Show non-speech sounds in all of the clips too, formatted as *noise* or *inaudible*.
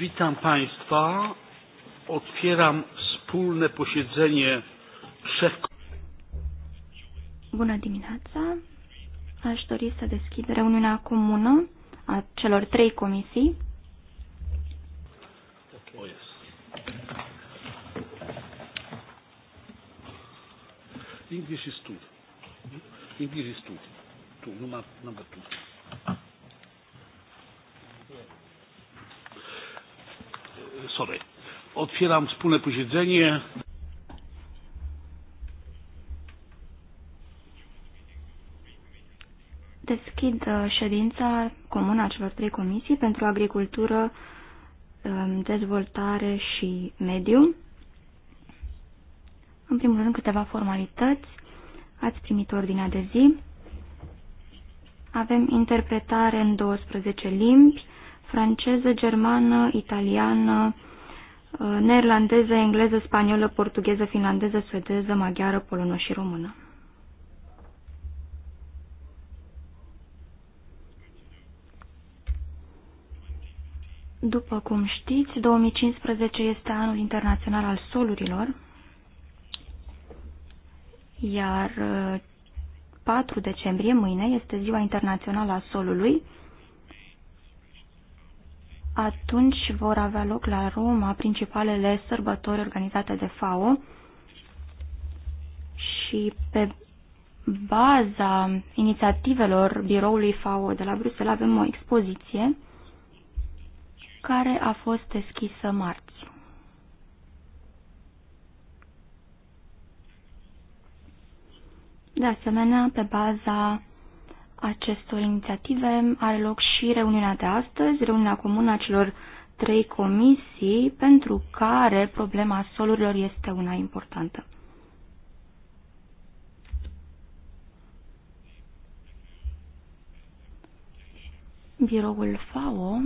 Witam Państwa. Otwieram wspólne posiedzenie trzech. Bună dimineața! Aș dori să deschid reuniunea comună a celor trei comisii. Oh, English is two. English is two. Two, number, number two. Sorry. Otwieram wspólne posiedzenie. Deschid uh, ședința comună a celor trei comisii pentru agricultură, um, dezvoltare și mediu. În primul rând, câteva formalități. Ați primit ordinea de zi. Avem interpretare în 12 limbi franceză, germană, italiană, uh, neerlandeză, engleză, spaniolă, portugheză, finlandeză, suedeză, maghiară, polonă și română. După cum știți, 2015 este anul internațional al solurilor, iar 4 uh, decembrie, mâine, este ziua internațională a solului, atunci vor avea loc la Roma principalele sărbători organizate de FAO și pe baza inițiativelor biroului FAO de la Bruxelles avem o expoziție care a fost deschisă marți. De asemenea, pe baza acestor inițiative are loc și reuniunea de astăzi, reuniunea comună a celor trei comisii, pentru care problema solurilor este una importantă. Biroul FAO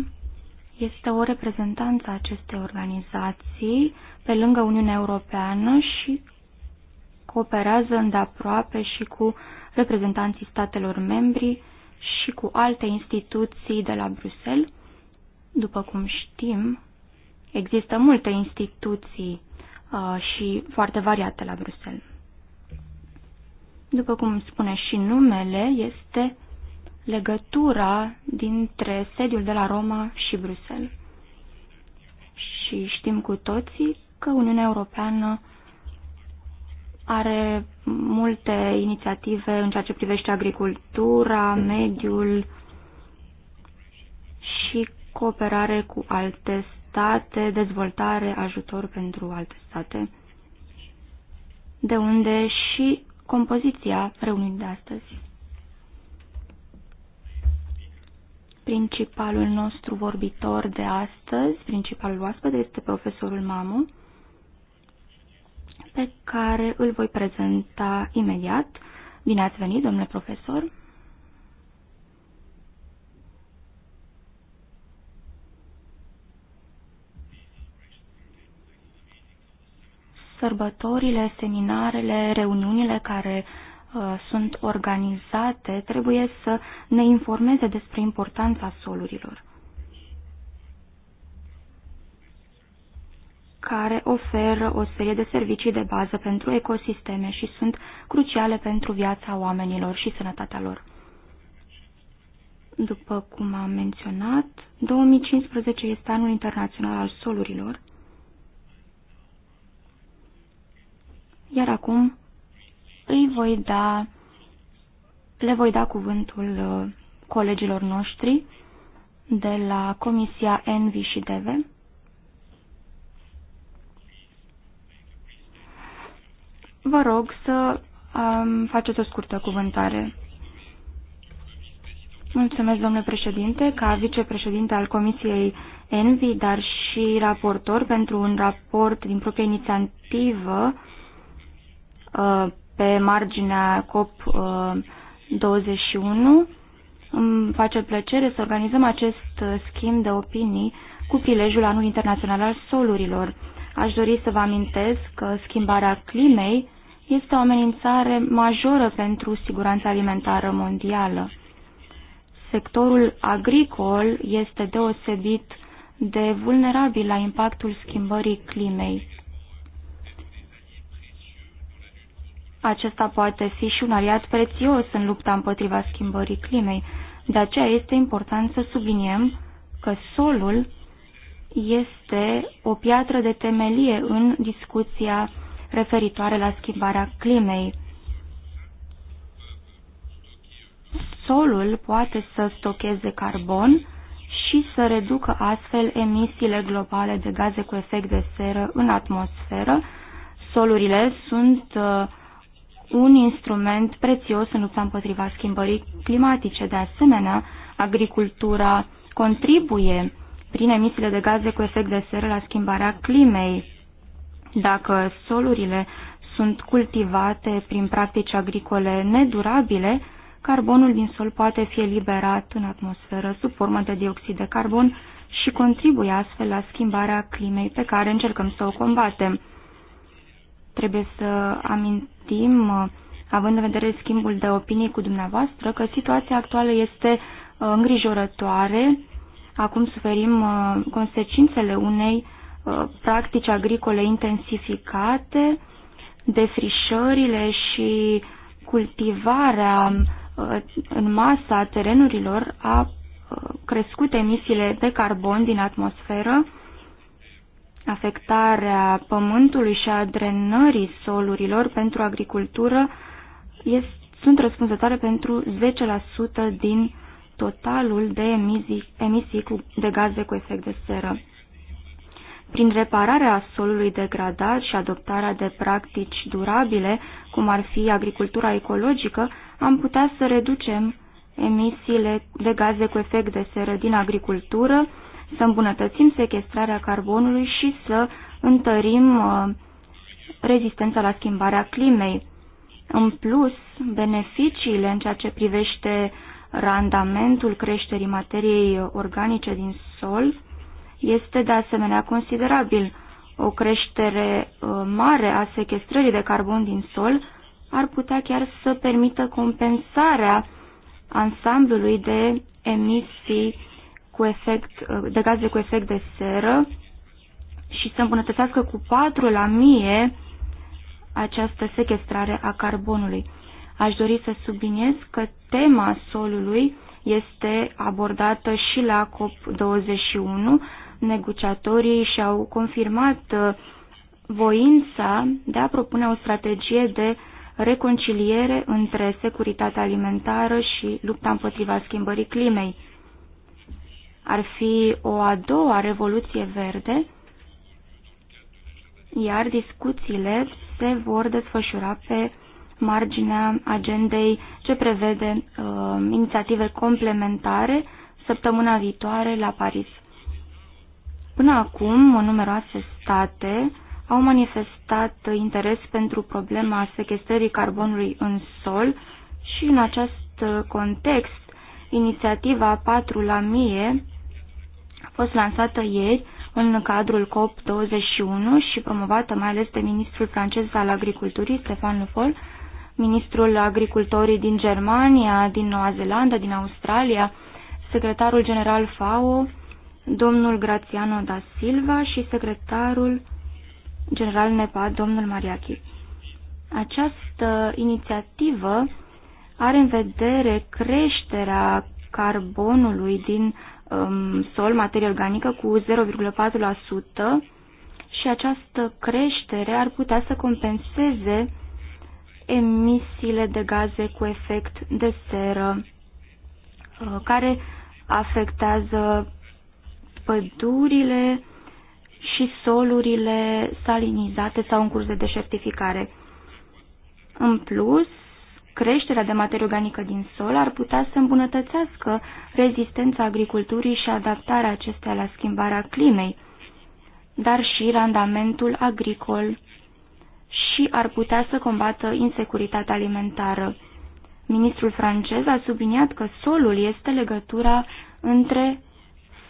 este o reprezentanță a acestei organizații pe lângă Uniunea Europeană și cooperează îndeaproape și cu reprezentanții statelor membri și cu alte instituții de la Bruxelles. După cum știm, există multe instituții uh, și foarte variate la Bruxelles. După cum spune și numele, este legătura dintre sediul de la Roma și Bruxelles. Și știm cu toții că Uniunea Europeană are multe inițiative în ceea ce privește agricultura, mediul și cooperare cu alte state, dezvoltare, ajutor pentru alte state, de unde și compoziția reuniunii de astăzi. Principalul nostru vorbitor de astăzi, principalul oaspăt, este profesorul Mamu pe care îl voi prezenta imediat. Bine ați venit, domnule profesor! Sărbătorile, seminarele, reuniunile care uh, sunt organizate trebuie să ne informeze despre importanța solurilor. care oferă o serie de servicii de bază pentru ecosisteme și sunt cruciale pentru viața oamenilor și sănătatea lor. După cum am menționat, 2015 este anul internațional al solurilor, iar acum îi voi da, le voi da cuvântul uh, colegilor noștri de la Comisia Envi și Deve vă rog să um, faceți o scurtă cuvântare. Mulțumesc, domnule președinte, ca vicepreședinte al Comisiei Envi, dar și raportor pentru un raport din proprie inițiativă uh, pe marginea COP21. Uh, Îmi face plăcere să organizăm acest schimb de opinii cu prilejul Anului Internațional al Solurilor. Aș dori să vă amintesc că schimbarea climei este o amenințare majoră pentru siguranța alimentară mondială. Sectorul agricol este deosebit de vulnerabil la impactul schimbării climei. Acesta poate fi și un aliat prețios în lupta împotriva schimbării climei. De aceea este important să subliniem că solul este o piatră de temelie în discuția referitoare la schimbarea climei. Solul poate să stocheze carbon și să reducă astfel emisiile globale de gaze cu efect de seră în atmosferă. Solurile sunt uh, un instrument prețios în lupta împotriva schimbării climatice. De asemenea, agricultura contribuie prin emisiile de gaze cu efect de seră la schimbarea climei. Dacă solurile sunt cultivate prin practici agricole nedurabile, carbonul din sol poate fi eliberat în atmosferă sub formă de dioxid de carbon și contribuie astfel la schimbarea climei pe care încercăm să o combatem. Trebuie să amintim, având în vedere schimbul de opinii cu dumneavoastră, că situația actuală este uh, îngrijorătoare Acum suferim uh, consecințele unei uh, practici agricole intensificate, defrișările și cultivarea uh, în masă a terenurilor a crescut emisiile de carbon din atmosferă, afectarea pământului și a drenării solurilor pentru agricultură este, sunt răspunzătoare pentru 10% din totalul de emisii, emisii cu, de gaze cu efect de seră. Prin repararea solului degradat și adoptarea de practici durabile, cum ar fi agricultura ecologică, am putea să reducem emisiile de gaze cu efect de seră din agricultură, să îmbunătățim sequestrarea carbonului și să întărim uh, rezistența la schimbarea climei. În plus, beneficiile în ceea ce privește Randamentul creșterii materiei organice din sol este de asemenea considerabil. O creștere uh, mare a sequestrării de carbon din sol ar putea chiar să permită compensarea ansamblului de emisii cu efect, uh, de gaze cu efect de seră și să îmbunătățească cu 4 la mie această sequestrare a carbonului. Aș dori să subliniez că tema solului este abordată și la COP21. Negociatorii și-au confirmat uh, voința de a propune o strategie de reconciliere între securitatea alimentară și lupta împotriva schimbării climei. Ar fi o a doua revoluție verde, iar discuțiile se vor desfășura pe marginea agendei ce prevede uh, inițiative complementare săptămâna viitoare la Paris. Până acum, numeroase state au manifestat interes pentru problema sequestrării carbonului în sol și în acest context, inițiativa 4 la 1000 a fost lansată ieri în cadrul COP21 și promovată mai ales de ministrul francez al agriculturii, Stefan Le Foll, ministrul agricultorii din Germania, din Noua Zeelandă, din Australia, secretarul general FAO, domnul Graziano da Silva și secretarul general NEPA, domnul Mariachi. Această inițiativă are în vedere creșterea carbonului din um, sol, materie organică, cu 0,4% și această creștere ar putea să compenseze emisiile de gaze cu efect de seră uh, care afectează pădurile și solurile salinizate sau în curs de deșertificare. În plus, creșterea de materie organică din sol ar putea să îmbunătățească rezistența agriculturii și adaptarea acesteia la schimbarea climei, dar și randamentul agricol și ar putea să combată insecuritatea alimentară. Ministrul francez a subliniat că solul este legătura între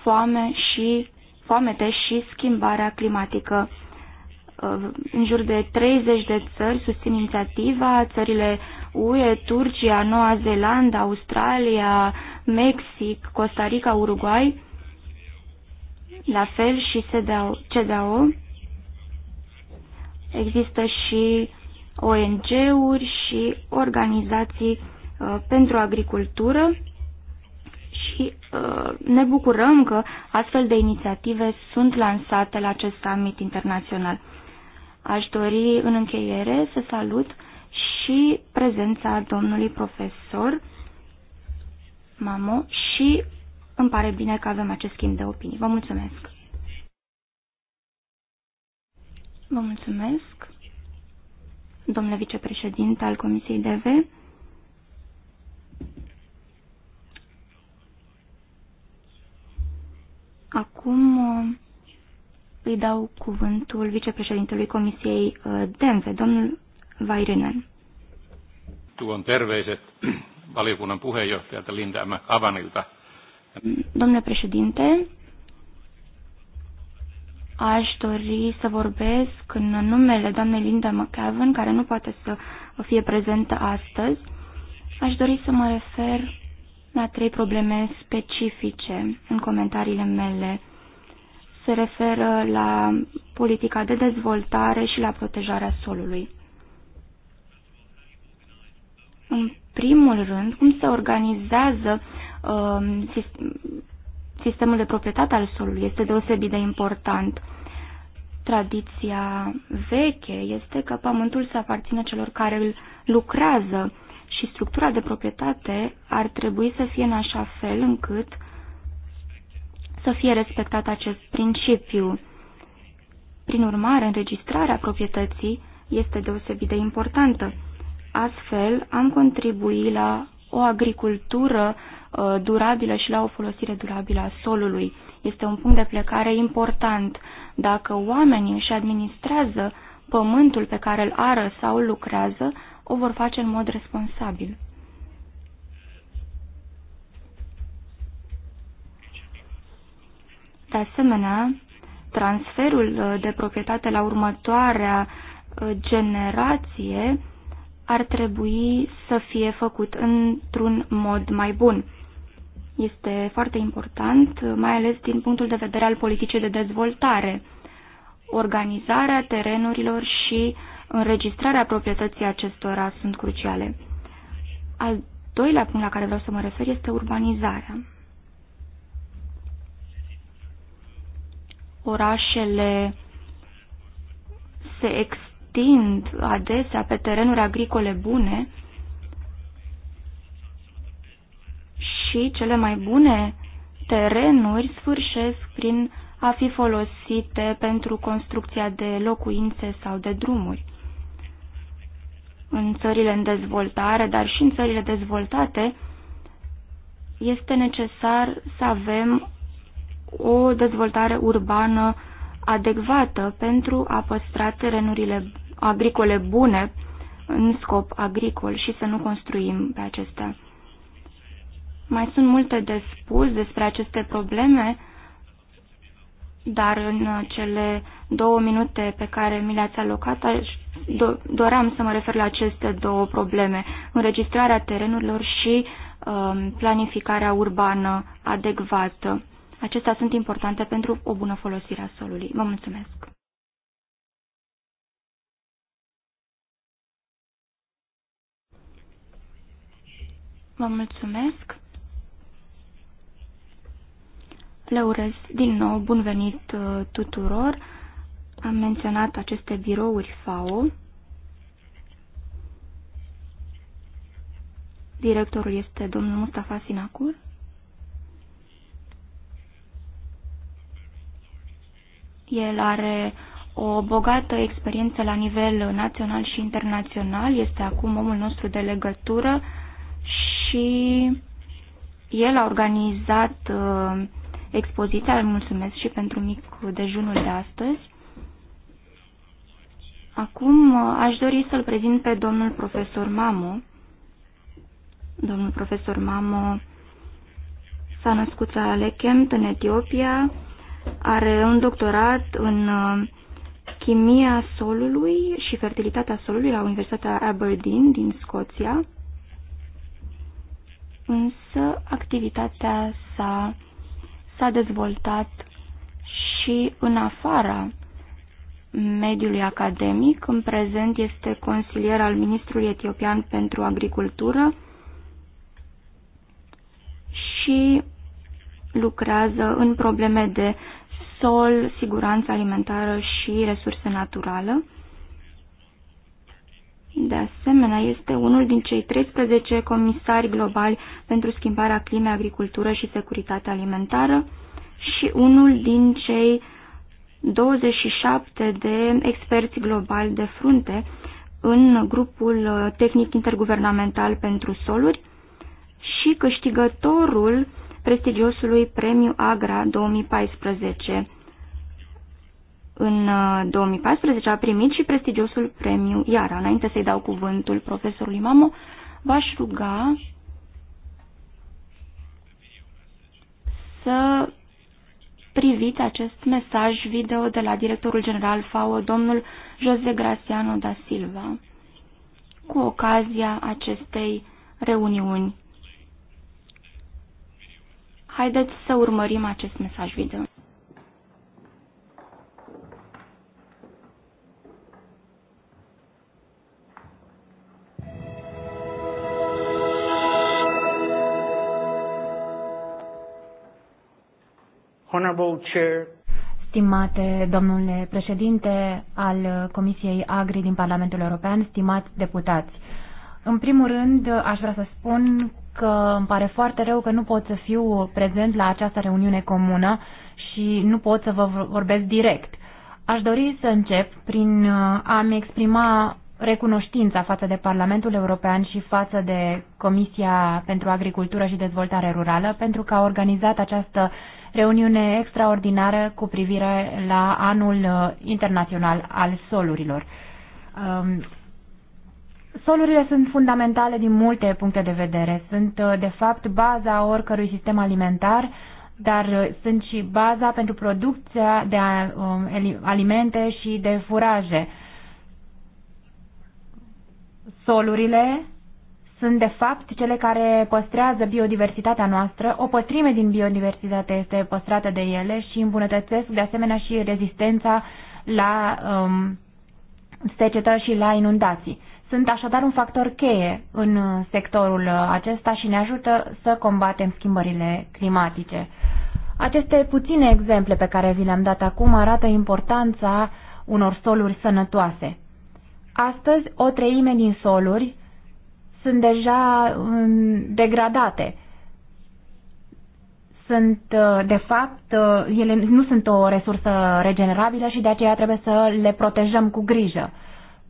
foame și foamete și schimbarea climatică. Uh, în jur de 30 de țări susțin inițiativa, țările UE, Turcia, Noua Zeelandă, Australia, Mexic, Costa Rica, Uruguay, la fel și CDAO, Există și ONG-uri și organizații uh, pentru agricultură și uh, ne bucurăm că astfel de inițiative sunt lansate la acest summit internațional. Aș dori în încheiere să salut și prezența domnului profesor Mamo și îmi pare bine că avem acest schimb de opinii. Vă mulțumesc! Vă mulțumesc, domnule vicepreședinte al Comisiei DV. Acum uh, îi dau cuvântul vicepreședintelui Comisiei uh, DV, domnul Vairinen. Tuon terveiset valiokunnan puheenjohtajalta Linda Avanilta. Domnule președinte, aș dori să vorbesc în numele doamnei Linda McAvan, care nu poate să fie prezentă astăzi. Aș dori să mă refer la trei probleme specifice în comentariile mele. Se referă la politica de dezvoltare și la protejarea solului. În primul rând, cum se organizează uh, sistemul de proprietate al solului este deosebit de important. Tradiția veche este că pământul să aparține celor care îl lucrează și structura de proprietate ar trebui să fie în așa fel încât să fie respectat acest principiu. Prin urmare, înregistrarea proprietății este deosebit de importantă. Astfel, am contribuit la o agricultură Uh, durabilă și la o folosire durabilă a solului. Este un punct de plecare important. Dacă oamenii își administrează pământul pe care îl ară sau îl lucrează, o vor face în mod responsabil. De asemenea, transferul uh, de proprietate la următoarea uh, generație ar trebui să fie făcut într-un mod mai bun este foarte important, mai ales din punctul de vedere al politicii de dezvoltare. Organizarea terenurilor și înregistrarea proprietății acestora sunt cruciale. Al doilea punct la care vreau să mă refer este urbanizarea. Orașele se extind adesea pe terenuri agricole bune, și cele mai bune terenuri sfârșesc prin a fi folosite pentru construcția de locuințe sau de drumuri. În țările în dezvoltare, dar și în țările dezvoltate, este necesar să avem o dezvoltare urbană adecvată pentru a păstra terenurile agricole bune în scop agricol și să nu construim pe acestea. Mai sunt multe de spus despre aceste probleme, dar în cele două minute pe care mi le-ați alocat, aș do doream să mă refer la aceste două probleme, înregistrarea terenurilor și um, planificarea urbană adecvată. Acestea sunt importante pentru o bună folosire a solului. Vă mulțumesc! Vă mulțumesc! Le urez din nou bun venit uh, tuturor. Am menționat aceste birouri FAO. Directorul este domnul Mustafa Sinacur. El are o bogată experiență la nivel național și internațional, este acum omul nostru de legătură și el a organizat uh, expoziția, Îl mulțumesc și pentru micul dejunul de astăzi. Acum uh, aș dori să-l prezint pe domnul profesor Mamo. Domnul profesor Mamo s-a născut la Lekemp, în Etiopia, are un doctorat în uh, chimia solului și fertilitatea solului la Universitatea Aberdeen din Scoția, însă activitatea sa s-a dezvoltat și în afara mediului academic. În prezent este consilier al ministrului etiopian pentru agricultură și lucrează în probleme de sol, siguranță alimentară și resurse naturale. De asemenea, este unul din cei 13 comisari globali pentru schimbarea climei, agricultură și securitate alimentară și unul din cei 27 de experți globali de frunte în grupul tehnic interguvernamental pentru soluri și câștigătorul prestigiosului premiu Agra 2014 în 2014 uh, a primit și prestigiosul premiu Iara. Înainte să-i dau cuvântul profesorului Mamo, v-aș ruga să priviți acest mesaj video de la directorul general FAO, domnul Jose Graciano da Silva, cu ocazia acestei reuniuni. Haideți să urmărim acest mesaj video. Honorable Chair. Stimate domnule președinte al Comisiei Agri din Parlamentul European, stimați deputați, în primul rând aș vrea să spun că îmi pare foarte rău că nu pot să fiu prezent la această reuniune comună și nu pot să vă vorbesc direct. Aș dori să încep prin a-mi exprima recunoștința față de Parlamentul European și față de Comisia pentru Agricultură și Dezvoltare Rurală pentru că a organizat această uh, reuniune extraordinară cu privire la anul uh, internațional al solurilor. Um, solurile sunt fundamentale din multe puncte de vedere. Sunt, uh, de fapt, baza oricărui sistem alimentar, dar uh, sunt și baza pentru producția de um, alimente și de furaje. Solurile sunt de fapt cele care păstrează biodiversitatea noastră, o pătrime din biodiversitate este păstrată de ele și îmbunătățesc de asemenea și rezistența la um, secetă și la inundații. Sunt așadar un factor cheie în sectorul acesta și ne ajută să combatem schimbările climatice. Aceste puține exemple pe care vi le-am dat acum arată importanța unor soluri sănătoase. Astăzi, o treime din soluri sunt deja degradate. Sunt, uh, de fapt, uh, ele nu sunt o resursă regenerabilă și de aceea trebuie să le protejăm cu grijă.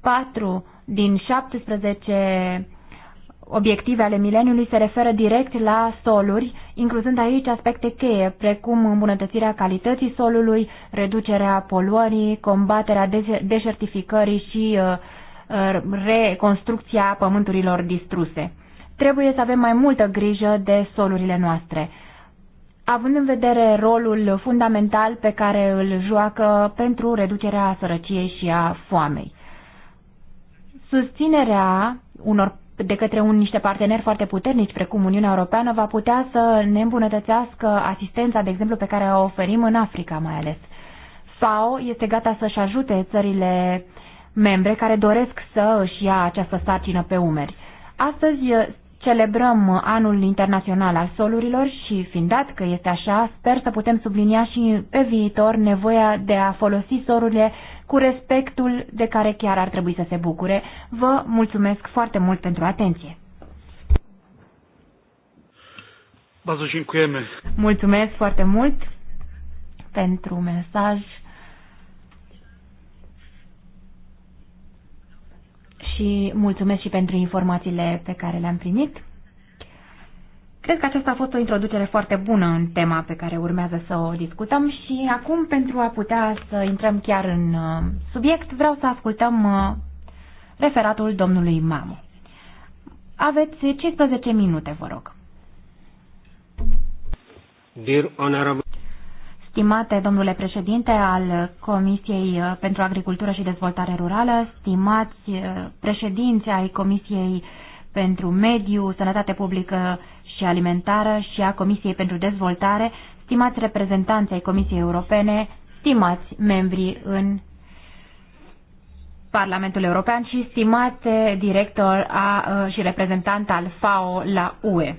4 din 17 obiective ale mileniului se referă direct la soluri, incluzând aici aspecte cheie, precum îmbunătățirea calității solului, reducerea poluării, combaterea deșertificării și uh, Uh, reconstrucția pământurilor distruse. Trebuie să avem mai multă grijă de solurile noastre având în vedere rolul fundamental pe care îl joacă pentru reducerea sărăciei și a foamei. Susținerea unor de către un, niște parteneri foarte puternici, precum Uniunea Europeană, va putea să ne îmbunătățească asistența, de exemplu, pe care o oferim în Africa mai ales. FAO este gata să-și ajute țările uh, membre care doresc să își ia această sarcină pe umeri. Astăzi eh, celebrăm anul internațional al solurilor și, fiind dat că este așa, sper să putem sublinia și pe viitor nevoia de a folosi solurile cu respectul de care chiar ar trebui să se bucure. Vă mulțumesc foarte mult pentru atenție! Mulțumesc foarte mult pentru mesaj. și mulțumesc și pentru informațiile pe care le-am primit. Cred că aceasta a fost o introducere foarte bună în tema pe care urmează să o discutăm și acum, pentru a putea să intrăm chiar în uh, subiect, vreau să ascultăm uh, referatul domnului Mamu. Aveți 15 minute, vă rog. Dear honorable Stimate domnule președinte al Comisiei uh, pentru Agricultură și Dezvoltare Rurală, stimați uh, președinți ai Comisiei pentru Mediu, Sănătate Publică și Alimentară și a Comisiei pentru Dezvoltare, stimați reprezentanți ai Comisiei Europene, stimați membri în Parlamentul European și stimate director a, uh, și reprezentant al FAO la UE.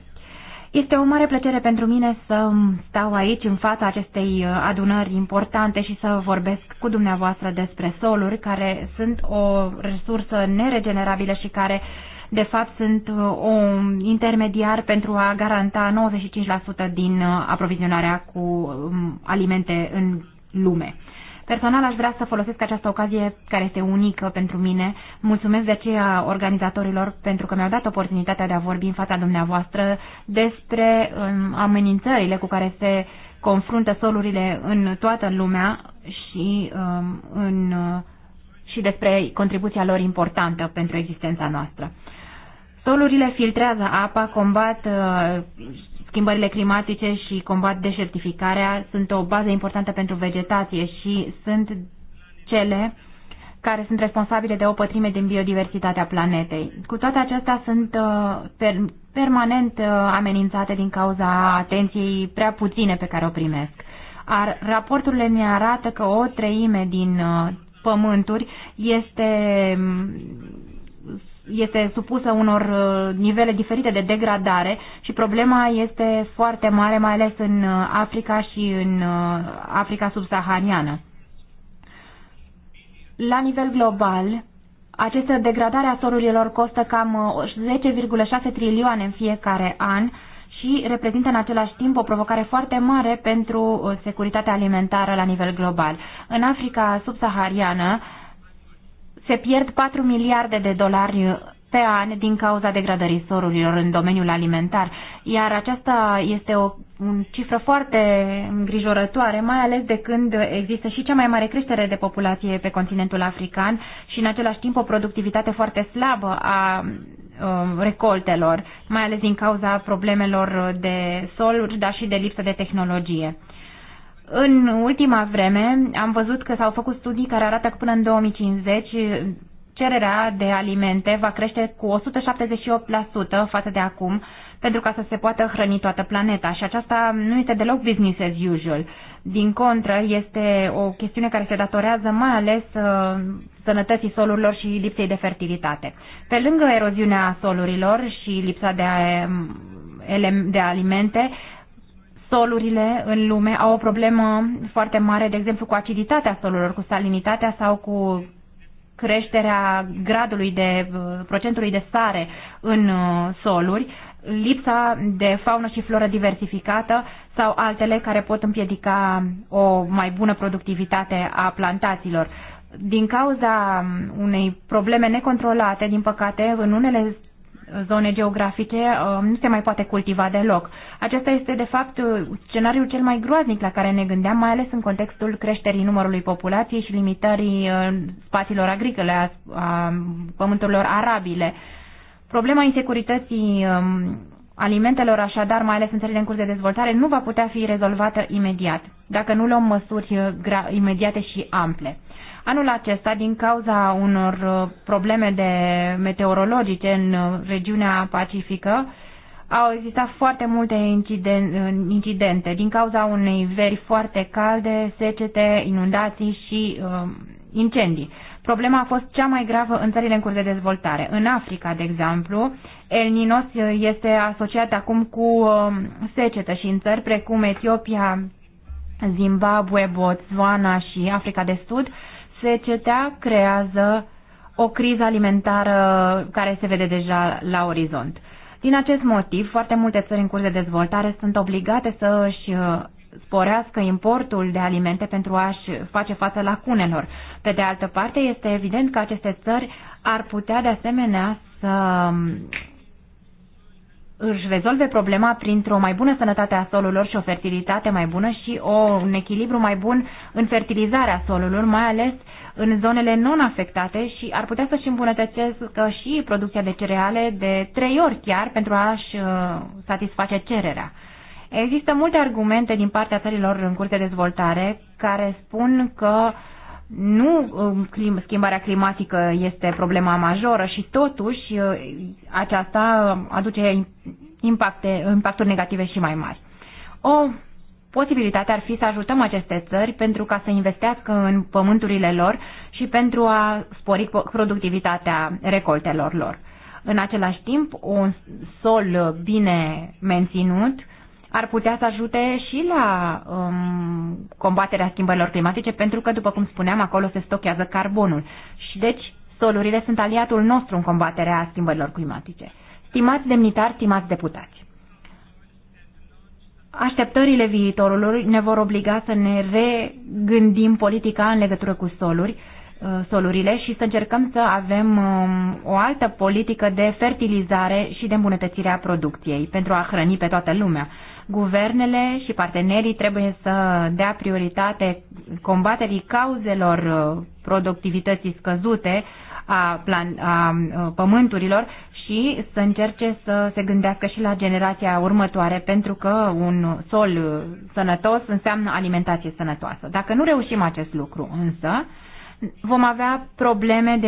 Este o mare plăcere pentru mine să stau aici în fața acestei uh, adunări importante și să vorbesc cu dumneavoastră despre soluri, care sunt o resursă neregenerabilă și care de fapt sunt uh, un intermediar pentru a garanta 95% din uh, aprovizionarea cu um, alimente în lume. Personal aș vrea să folosesc această ocazie care este unică pentru mine. Mulțumesc de aceea organizatorilor pentru că mi-au dat oportunitatea de a vorbi în fața dumneavoastră despre um, amenințările cu care se confruntă solurile în toată lumea și, um, în, uh, și despre contribuția lor importantă pentru existența noastră. Solurile filtrează apa, combat uh, schimbările climatice și combat deșertificarea sunt o bază importantă pentru vegetație și sunt cele care sunt responsabile de o pătrime din biodiversitatea planetei. Cu toate acestea sunt uh, per, permanent uh, amenințate din cauza atenției prea puține pe care o primesc. Ar, raporturile ne arată că o treime din uh, pământuri este este supusă unor uh, nivele diferite de degradare și problema este foarte mare, mai ales în uh, Africa și în uh, Africa subsahariană. La nivel global, această degradare a solurilor costă cam 10,6 trilioane în fiecare an și reprezintă în același timp o provocare foarte mare pentru securitatea alimentară la nivel global. În Africa subsahariană, se pierd 4 miliarde de dolari pe an din cauza degradării sorurilor în domeniul alimentar, iar aceasta este o cifră foarte îngrijorătoare, mai ales de când există și cea mai mare creștere de populație pe continentul african și în același timp o productivitate foarte slabă a um, recoltelor, mai ales din cauza problemelor de soluri, dar și de lipsă de tehnologie. În ultima vreme am văzut că s-au făcut studii care arată că până în 2050 cererea de alimente va crește cu 178% față de acum pentru ca să se poată hrăni toată planeta și aceasta nu este deloc business as usual. Din contră, este o chestiune care se datorează mai ales uh, sănătății solurilor și lipsei de fertilitate. Pe lângă eroziunea solurilor și lipsa de, um, de alimente, solurile în lume au o problemă foarte mare, de exemplu, cu aciditatea solurilor, cu salinitatea sau cu creșterea gradului de uh, procentului de sare în uh, soluri, lipsa de faună și floră diversificată sau altele care pot împiedica o mai bună productivitate a plantațiilor. Din cauza um, unei probleme necontrolate, din păcate, în unele zone geografice um, nu se mai poate cultiva deloc. Acesta este, de fapt, uh, scenariul cel mai groaznic la care ne gândeam, mai ales în contextul creșterii numărului populației și limitării uh, spațiilor agricole, a, pământurilor arabile. Problema insecurității um, alimentelor, așadar, mai ales în țările în curs de dezvoltare, nu va putea fi rezolvată imediat, dacă nu luăm măsuri uh, imediate și ample. Anul acesta, din cauza unor uh, probleme de meteorologice în uh, regiunea pacifică, au existat foarte multe uh, incidente din cauza unei veri foarte calde, secete, inundații și uh, incendii. Problema a fost cea mai gravă în țările în curs de dezvoltare. În Africa, de exemplu, El Ninos este asociat acum cu secetă și în țări precum Etiopia, Zimbabwe, Botswana și Africa de Sud secetea creează o criză alimentară care se vede deja la orizont. Din acest motiv, foarte multe țări în curs de dezvoltare sunt obligate să își uh, sporească importul de alimente pentru a-și face față lacunelor. Pe de altă parte, este evident că aceste țări ar putea de asemenea să um, își rezolve problema printr-o mai bună sănătate a solurilor și o fertilitate mai bună și o, un echilibru mai bun în fertilizarea solurilor, mai ales în zonele non-afectate și ar putea să-și îmbunătățească și producția de cereale de trei ori chiar pentru a-și uh, satisface cererea. Există multe argumente din partea țărilor în curs de dezvoltare care spun că nu um, schimbarea climatică este problema majoră și totuși uh, aceasta aduce impacte, impacturi negative și mai mari. O posibilitatea ar fi să ajutăm aceste țări pentru ca să investească în pământurile lor și pentru a spori productivitatea recoltelor lor. În același timp, un sol bine menținut ar putea să ajute și la um, combaterea schimbărilor climatice, pentru că, după cum spuneam, acolo se stochează carbonul. Și deci, solurile sunt aliatul nostru în combaterea schimbărilor climatice. Stimați demnitari, stimați deputați, Așteptările viitorului ne vor obliga să ne regândim politica în legătură cu soluri, uh, solurile și să încercăm să avem um, o altă politică de fertilizare și de îmbunătățire a producției pentru a hrăni pe toată lumea. Guvernele și partenerii trebuie să dea prioritate combaterii cauzelor uh, productivității scăzute a, plan, a uh, pământurilor și să încerce să se gândească și la generația următoare, pentru că un sol uh, sănătos înseamnă alimentație sănătoasă. Dacă nu reușim acest lucru, însă, vom avea probleme de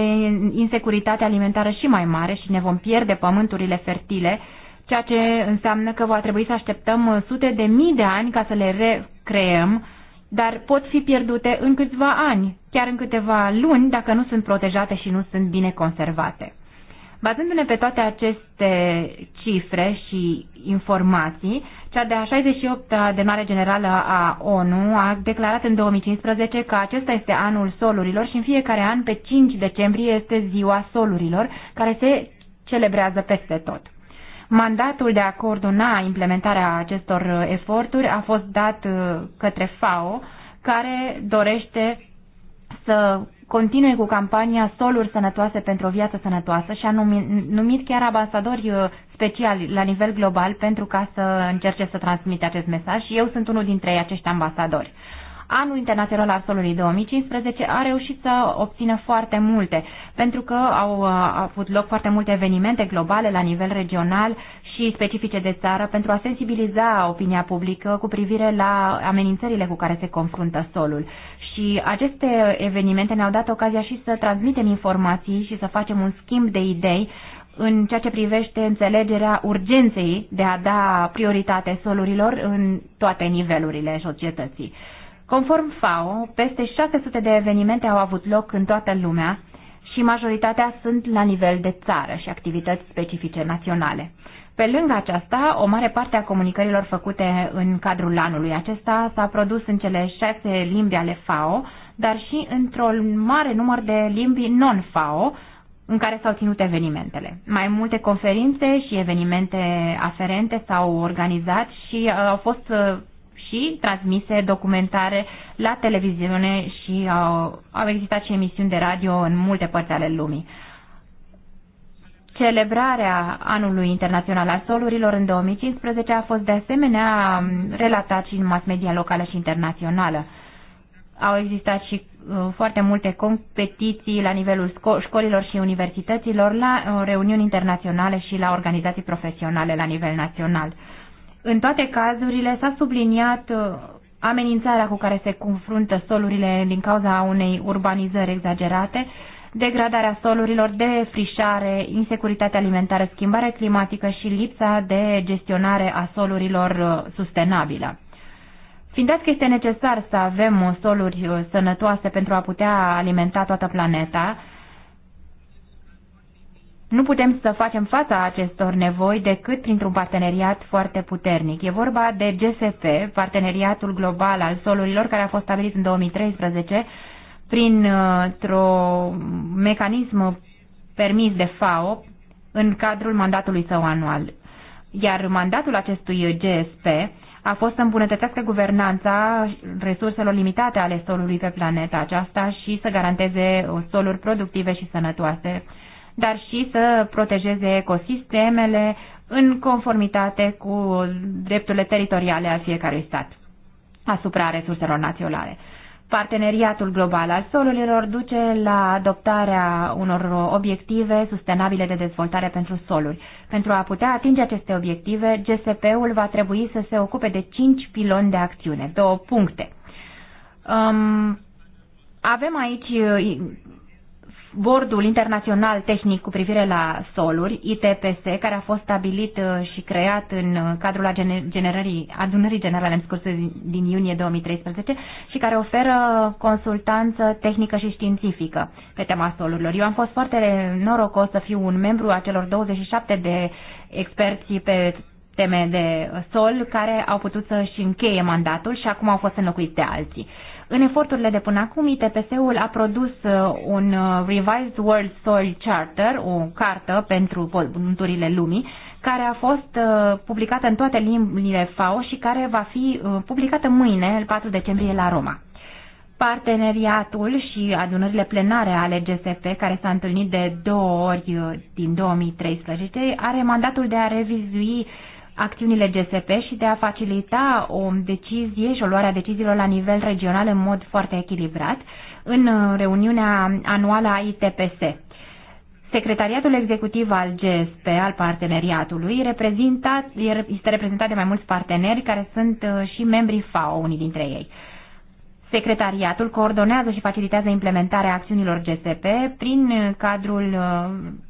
insecuritate alimentară și mai mare și ne vom pierde pământurile fertile, ceea ce înseamnă că va trebui să așteptăm uh, sute de mii de ani ca să le recreăm, dar pot fi pierdute în câțiva ani, chiar în câteva luni, dacă nu sunt protejate și nu sunt bine conservate. Bazându-ne pe toate aceste cifre și informații, cea de-a 68-a adunare generală a ONU a declarat în 2015 că acesta este anul solurilor și în fiecare an, pe 5 decembrie, este ziua solurilor, care se celebrează peste tot. Mandatul de a coordona implementarea acestor eforturi a fost dat uh, către FAO, care dorește să continue cu campania Soluri Sănătoase pentru o Viață Sănătoasă și a numit, numit chiar ambasadori uh, speciali la nivel global pentru ca să încerce să transmite acest mesaj și eu sunt unul dintre ei, acești ambasadori. Anul Internațional al Solului 2015 a reușit să obțină foarte multe, pentru că au, uh, au avut loc foarte multe evenimente globale la nivel regional și specifice de țară pentru a sensibiliza opinia publică cu privire la amenințările cu care se confruntă solul. Și aceste evenimente ne-au dat ocazia și să transmitem informații și să facem un schimb de idei în ceea ce privește înțelegerea urgenței de a da prioritate solurilor în toate nivelurile societății. Conform FAO, peste 600 de evenimente au avut loc în toată lumea și majoritatea sunt la nivel de țară și activități specifice naționale. Pe lângă aceasta, o mare parte a comunicărilor făcute în cadrul anului acesta s-a produs în cele șase limbi ale FAO, dar și într-un mare număr de limbi non-FAO, în care s-au ținut evenimentele. Mai multe conferințe și evenimente aferente s-au organizat și uh, au fost uh, și transmise documentare la televiziune și au, uh, au existat și emisiuni de radio în multe părți ale lumii. Celebrarea Anului Internațional al Solurilor în 2015 a fost de asemenea um, relatat și în mass media locală și internațională. Au existat și uh, foarte multe competiții la nivelul școlilor și universităților, la uh, reuniuni internaționale și la organizații profesionale la nivel național. În toate cazurile s-a subliniat uh, amenințarea cu care se confruntă solurile din cauza unei urbanizări exagerate, degradarea solurilor, defrișare, insecuritatea alimentară, schimbare climatică și lipsa de gestionare a solurilor uh, sustenabilă. Fiind că este necesar să avem uh, soluri uh, sănătoase pentru a putea alimenta toată planeta, nu putem să facem fața acestor nevoi decât printr-un parteneriat foarte puternic. E vorba de GSP, Parteneriatul Global al Solurilor, care a fost stabilit în 2013 printr-un mecanism permis de FAO în cadrul mandatului său anual. Iar mandatul acestui GSP a fost să îmbunătățească guvernanța resurselor limitate ale solului pe planeta aceasta și să garanteze soluri productive și sănătoase, dar și să protejeze ecosistemele în conformitate cu drepturile teritoriale ale fiecărui stat asupra resurselor naționale. Parteneriatul global al solurilor duce la adoptarea unor obiective sustenabile de dezvoltare pentru soluri. Pentru a putea atinge aceste obiective, GSP-ul va trebui să se ocupe de cinci piloni de acțiune, două puncte. Um, avem aici Bordul Internațional Tehnic cu privire la soluri, ITPS, care a fost stabilit uh, și creat în uh, cadrul generării, adunării generale, în scurs din iunie 2013 și care oferă consultanță tehnică și științifică pe tema solurilor. Eu am fost foarte norocos să fiu un membru a celor 27 de experți pe teme de sol care au putut să-și încheie mandatul și acum au fost înlocuiți de alții. În eforturile de până acum, ITPS-ul a produs uh, un uh, Revised World Soil Charter, o cartă pentru pământurile lumii, care a fost uh, publicată în toate limbile FAO și care va fi publicată mâine, el 4 decembrie, la Roma. Parteneriatul și adunările plenare ale GSP, care s-a întâlnit de două ori din 2013, are mandatul de a revizui acțiunile GSP și de a facilita o decizie și o luare a deciziilor la nivel regional în mod foarte echilibrat în uh, reuniunea anuală a ITPS. Secretariatul executiv al GSP, al parteneriatului, reprezentat, este reprezentat de mai mulți parteneri care sunt uh, și membrii FAO, unii dintre ei. Secretariatul coordonează și facilitează implementarea acțiunilor GSP prin uh, cadrul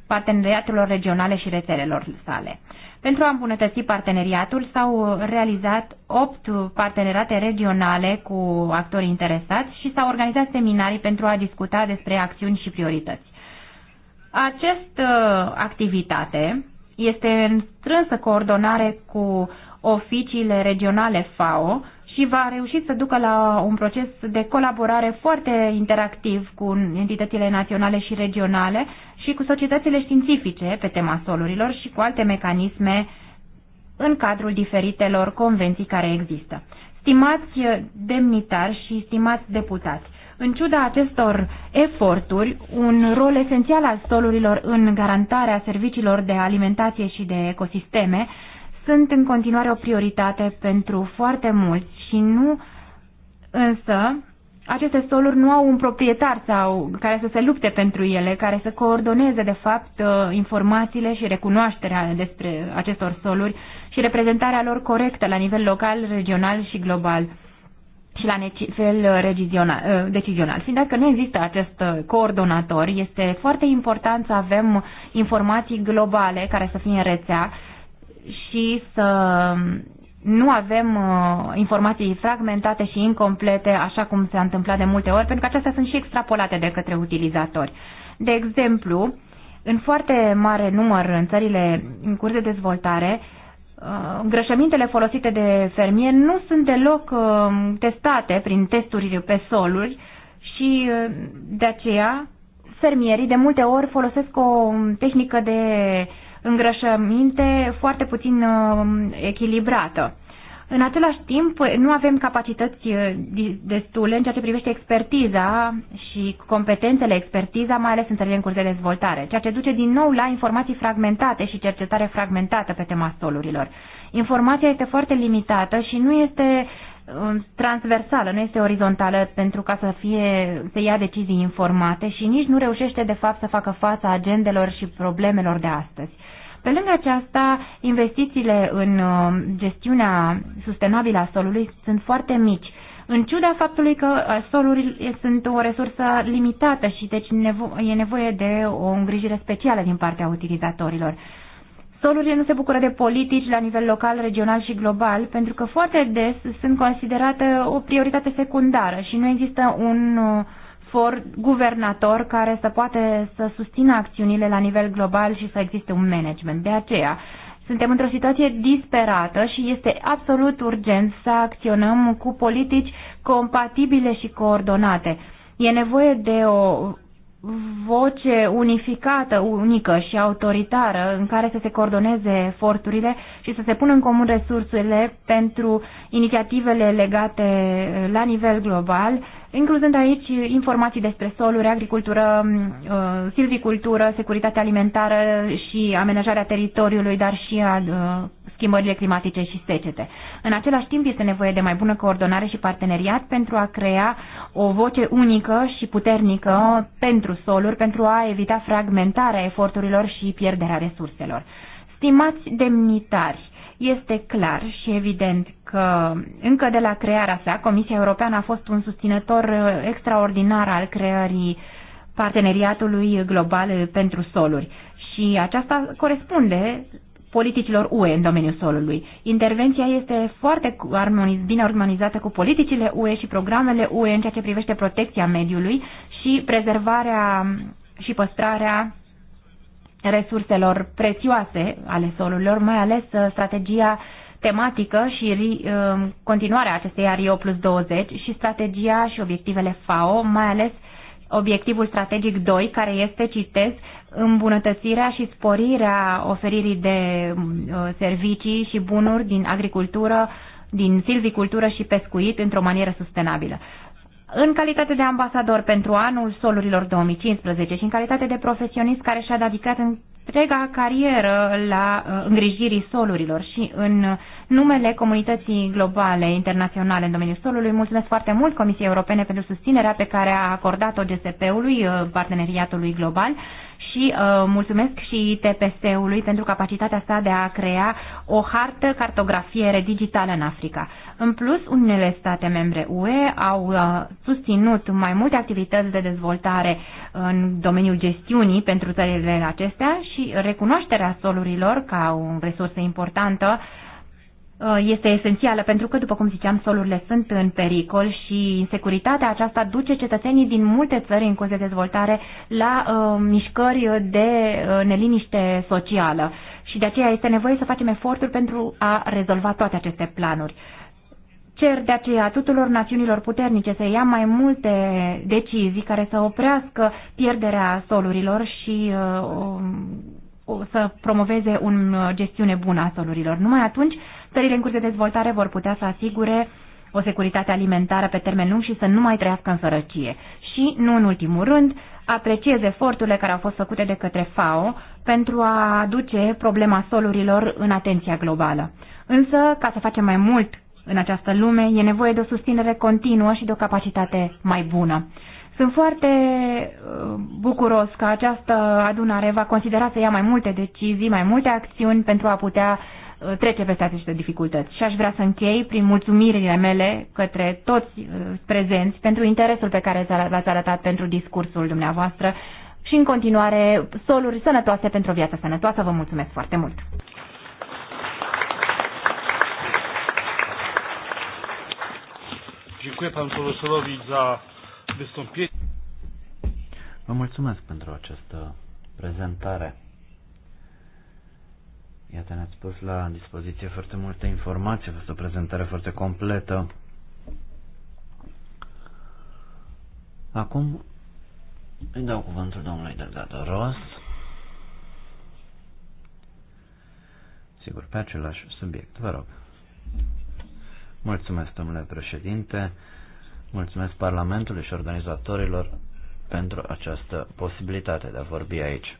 parteneriatelor regionale și rețelelor sale. Pentru a îmbunătăți parteneriatul s-au realizat 8 parteneriate regionale cu actori interesați și s-au organizat seminarii pentru a discuta despre acțiuni și priorități. Această uh, activitate este în strânsă coordonare cu oficiile regionale FAO și va reuși să ducă la un proces de colaborare foarte interactiv cu entitățile naționale și regionale și cu societățile științifice pe tema solurilor și cu alte mecanisme în cadrul diferitelor convenții care există. Stimați demnitari și stimați deputați, în ciuda acestor eforturi, un rol esențial al solurilor în garantarea serviciilor de alimentație și de ecosisteme sunt în continuare o prioritate pentru foarte mulți și nu însă aceste soluri nu au un proprietar sau care să se lupte pentru ele, care să coordoneze de fapt uh, informațiile și recunoașterea despre acestor soluri și reprezentarea lor corectă la nivel local, regional și global și la nivel uh, uh, decizional. Fiind că nu există acest coordonator, este foarte important să avem informații globale care să fie în rețea și să nu avem uh, informații fragmentate și incomplete, așa cum s-a întâmplat de multe ori, pentru că acestea sunt și extrapolate de către utilizatori. De exemplu, în foarte mare număr în țările în curs de dezvoltare, uh, îngrășămintele folosite de fermieri nu sunt deloc uh, testate prin testuri pe soluri și uh, de aceea fermierii de multe ori folosesc o tehnică de uh, îngrășăminte foarte puțin um, echilibrată. În același timp, nu avem capacități uh, destule în ceea ce privește expertiza și competențele expertiza, mai ales în țările în curs de dezvoltare, ceea ce duce din nou la informații fragmentate și cercetare fragmentată pe tema solurilor. Informația este foarte limitată și nu este Um, transversală, nu este orizontală pentru ca să fie să ia decizii informate și nici nu reușește de fapt să facă fața agendelor și problemelor de astăzi. Pe lângă aceasta, investițiile în um, gestiunea sustenabilă a solului sunt foarte mici. În ciuda faptului că uh, solurile sunt o resursă limitată și deci nevo- e nevoie de o îngrijire specială din partea utilizatorilor. Solurile nu se bucură de politici la nivel local, regional și global, pentru că foarte des sunt considerate o prioritate secundară și nu există un uh, for guvernator care să poate să susțină acțiunile la nivel global și să existe un management. De aceea, suntem într-o situație disperată și este absolut urgent să acționăm cu politici compatibile și coordonate. E nevoie de o voce unificată, unică și autoritară în care să se coordoneze eforturile și să se pună în comun resursele pentru inițiativele legate la nivel global, incluzând aici informații despre soluri, agricultură, uh, silvicultură, securitate alimentară și amenajarea teritoriului, dar și a uh, schimbările climatice și secete. În același timp, este nevoie de mai bună coordonare și parteneriat pentru a crea o voce unică și puternică pentru soluri, pentru a evita fragmentarea eforturilor și pierderea resurselor. Stimați demnitari, este clar și evident că încă de la crearea sa, Comisia Europeană a fost un susținător uh, extraordinar al creării parteneriatului global pentru soluri. Și aceasta corespunde politicilor UE în domeniul solului. Intervenția este foarte bine organizată cu politicile UE și programele UE în ceea ce privește protecția mediului și prezervarea și păstrarea resurselor prețioase ale solurilor, mai ales uh, strategia tematică și um, continuarea acestei Rio plus 20 și strategia și obiectivele FAO, mai ales obiectivul strategic 2, care este, citez, îmbunătățirea și sporirea oferirii de uh, servicii și bunuri din agricultură, din silvicultură și pescuit într-o manieră sustenabilă. În calitate de ambasador pentru anul solurilor 2015 și în calitate de profesionist care și-a dedicat întreaga carieră la uh, îngrijirii solurilor și în numele comunității globale internaționale în domeniul solului. Mulțumesc foarte mult Comisiei Europene pentru susținerea pe care a acordat-o GSP-ului, uh, parteneriatului global și uh, mulțumesc și TPS-ului pentru capacitatea sa de a crea o hartă cartografiere digitală în Africa. În plus, unele state membre UE au uh, susținut mai multe activități de dezvoltare în domeniul gestiunii pentru țările acestea și recunoașterea solurilor ca o resursă importantă uh, Uh, este esențială pentru că, după cum ziceam, solurile sunt în pericol și insecuritatea aceasta duce cetățenii din multe țări în curs de dezvoltare la uh, mișcări de uh, neliniște socială și de aceea este nevoie să facem eforturi pentru a rezolva toate aceste planuri. Cer de aceea tuturor națiunilor puternice să ia mai multe decizii care să oprească pierderea solurilor și uh, să promoveze o uh, gestiune bună a solurilor. Numai atunci Țările în curs de dezvoltare vor putea să asigure o securitate alimentară pe termen lung și să nu mai trăiască în sărăcie. Și, nu în ultimul rând, apreciez eforturile care au fost făcute de către FAO pentru a aduce problema solurilor în atenția globală. Însă, ca să facem mai mult în această lume, e nevoie de o susținere continuă și de o capacitate mai bună. Sunt foarte uh, bucuros că această adunare va considera să ia mai multe decizii, mai multe acțiuni pentru a putea trece peste aceste dificultăți. Și aș vrea să închei prin mulțumirile mele către toți uh, prezenți pentru interesul pe care l-ați arătat pentru discursul dumneavoastră și în continuare soluri sănătoase pentru o viață sănătoasă. Vă mulțumesc foarte mult! Vă mulțumesc pentru această prezentare. Iată, ne-ați pus la dispoziție foarte multe informații, a fost o prezentare foarte completă. Acum îi dau cuvântul domnului Delgado Ros. Sigur, pe același subiect, vă rog. Mulțumesc, domnule președinte, mulțumesc Parlamentului și organizatorilor pentru această posibilitate de a vorbi aici.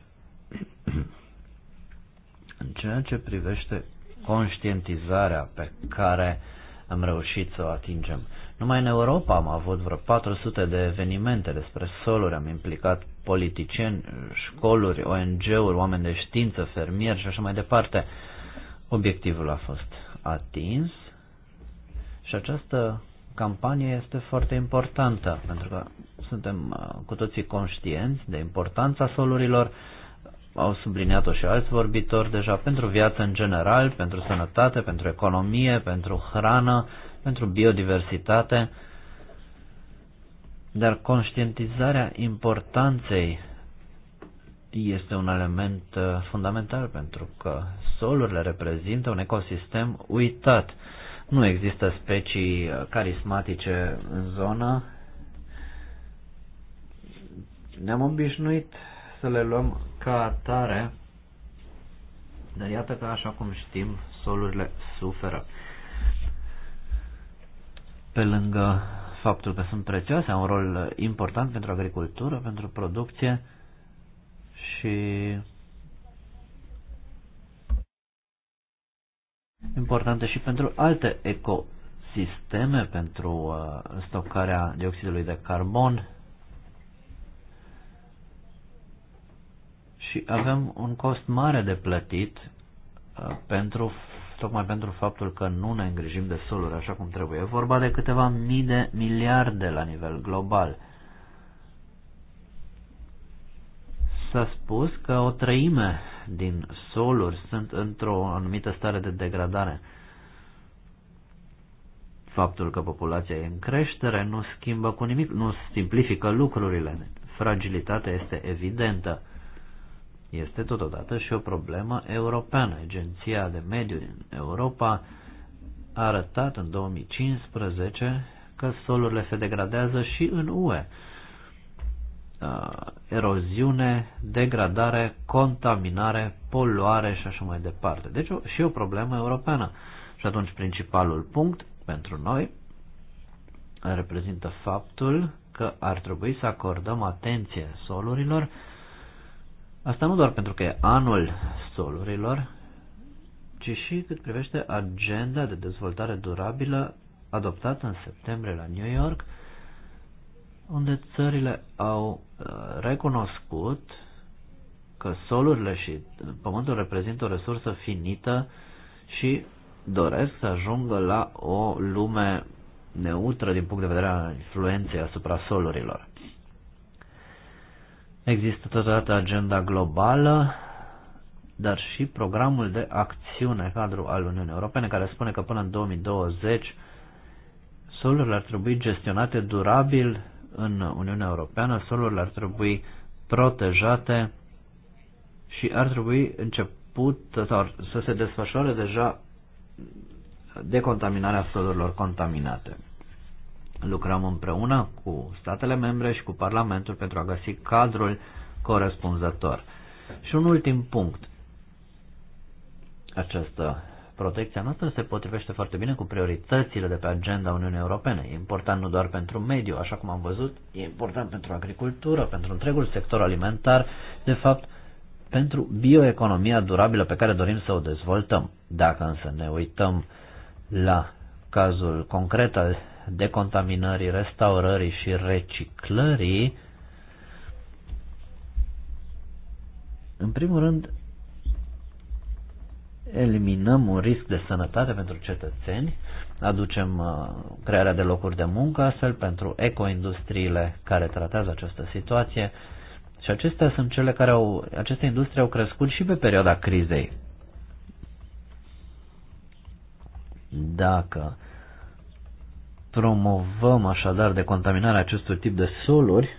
În ceea ce privește conștientizarea pe care am reușit să o atingem. Numai în Europa am avut vreo 400 de evenimente despre soluri, am implicat politicieni, școluri, ONG-uri, oameni de știință, fermieri și așa mai departe. Obiectivul a fost atins și această campanie este foarte importantă pentru că suntem uh, cu toții conștienți de importanța solurilor, au subliniat-o și alți vorbitori deja, pentru viață în general, pentru sănătate, pentru economie, pentru hrană, pentru biodiversitate, dar conștientizarea importanței este un element uh, fundamental pentru că solurile reprezintă un ecosistem uitat. Nu există specii uh, carismatice în zonă. Ne-am obișnuit să le luăm ca atare, dar iată că, așa cum știm, solurile suferă. Pe lângă faptul că sunt prețioase, au un rol important pentru agricultură, pentru producție și importante și pentru alte ecosisteme, pentru uh, stocarea dioxidului de carbon, și avem un cost mare de plătit uh, pentru, tocmai pentru faptul că nu ne îngrijim de soluri așa cum trebuie. E vorba de câteva mii de miliarde la nivel global. S-a spus că o treime din soluri sunt într-o anumită stare de degradare. Faptul că populația e în creștere nu schimbă cu nimic, nu simplifică lucrurile. Fragilitatea este evidentă este totodată și o problemă europeană. Agenția de Mediu din Europa a arătat în 2015 că solurile se degradează și în UE. Eroziune, degradare, contaminare, poluare și așa mai departe. Deci și o problemă europeană. Și atunci principalul punct pentru noi reprezintă faptul că ar trebui să acordăm atenție solurilor Asta nu doar pentru că e anul solurilor, ci și cât privește agenda de dezvoltare durabilă adoptată în septembrie la New York, unde țările au uh, recunoscut că solurile și pământul reprezintă o resursă finită și doresc să ajungă la o lume neutră din punct de vedere al influenței asupra solurilor. Există totodată agenda globală, dar și programul de acțiune cadru al Uniunii Europene, care spune că până în 2020 solurile ar trebui gestionate durabil în Uniunea Europeană, solurile ar trebui protejate și ar trebui început sau să se desfășoare deja decontaminarea solurilor contaminate. Lucrăm împreună cu statele membre și cu Parlamentul pentru a găsi cadrul corespunzător. Și un ultim punct. Această protecția noastră se potrivește foarte bine cu prioritățile de pe agenda Uniunii Europene. E important nu doar pentru mediu, așa cum am văzut, e important pentru agricultură, pentru întregul sector alimentar, de fapt, pentru bioeconomia durabilă pe care dorim să o dezvoltăm. Dacă însă ne uităm la cazul concret al decontaminării, restaurării și reciclării, în primul rând, eliminăm un risc de sănătate pentru cetățeni, aducem uh, crearea de locuri de muncă astfel pentru ecoindustriile care tratează această situație și acestea sunt cele care au, aceste industrie au crescut și pe perioada crizei. Dacă promovăm așadar contaminarea acestui tip de soluri,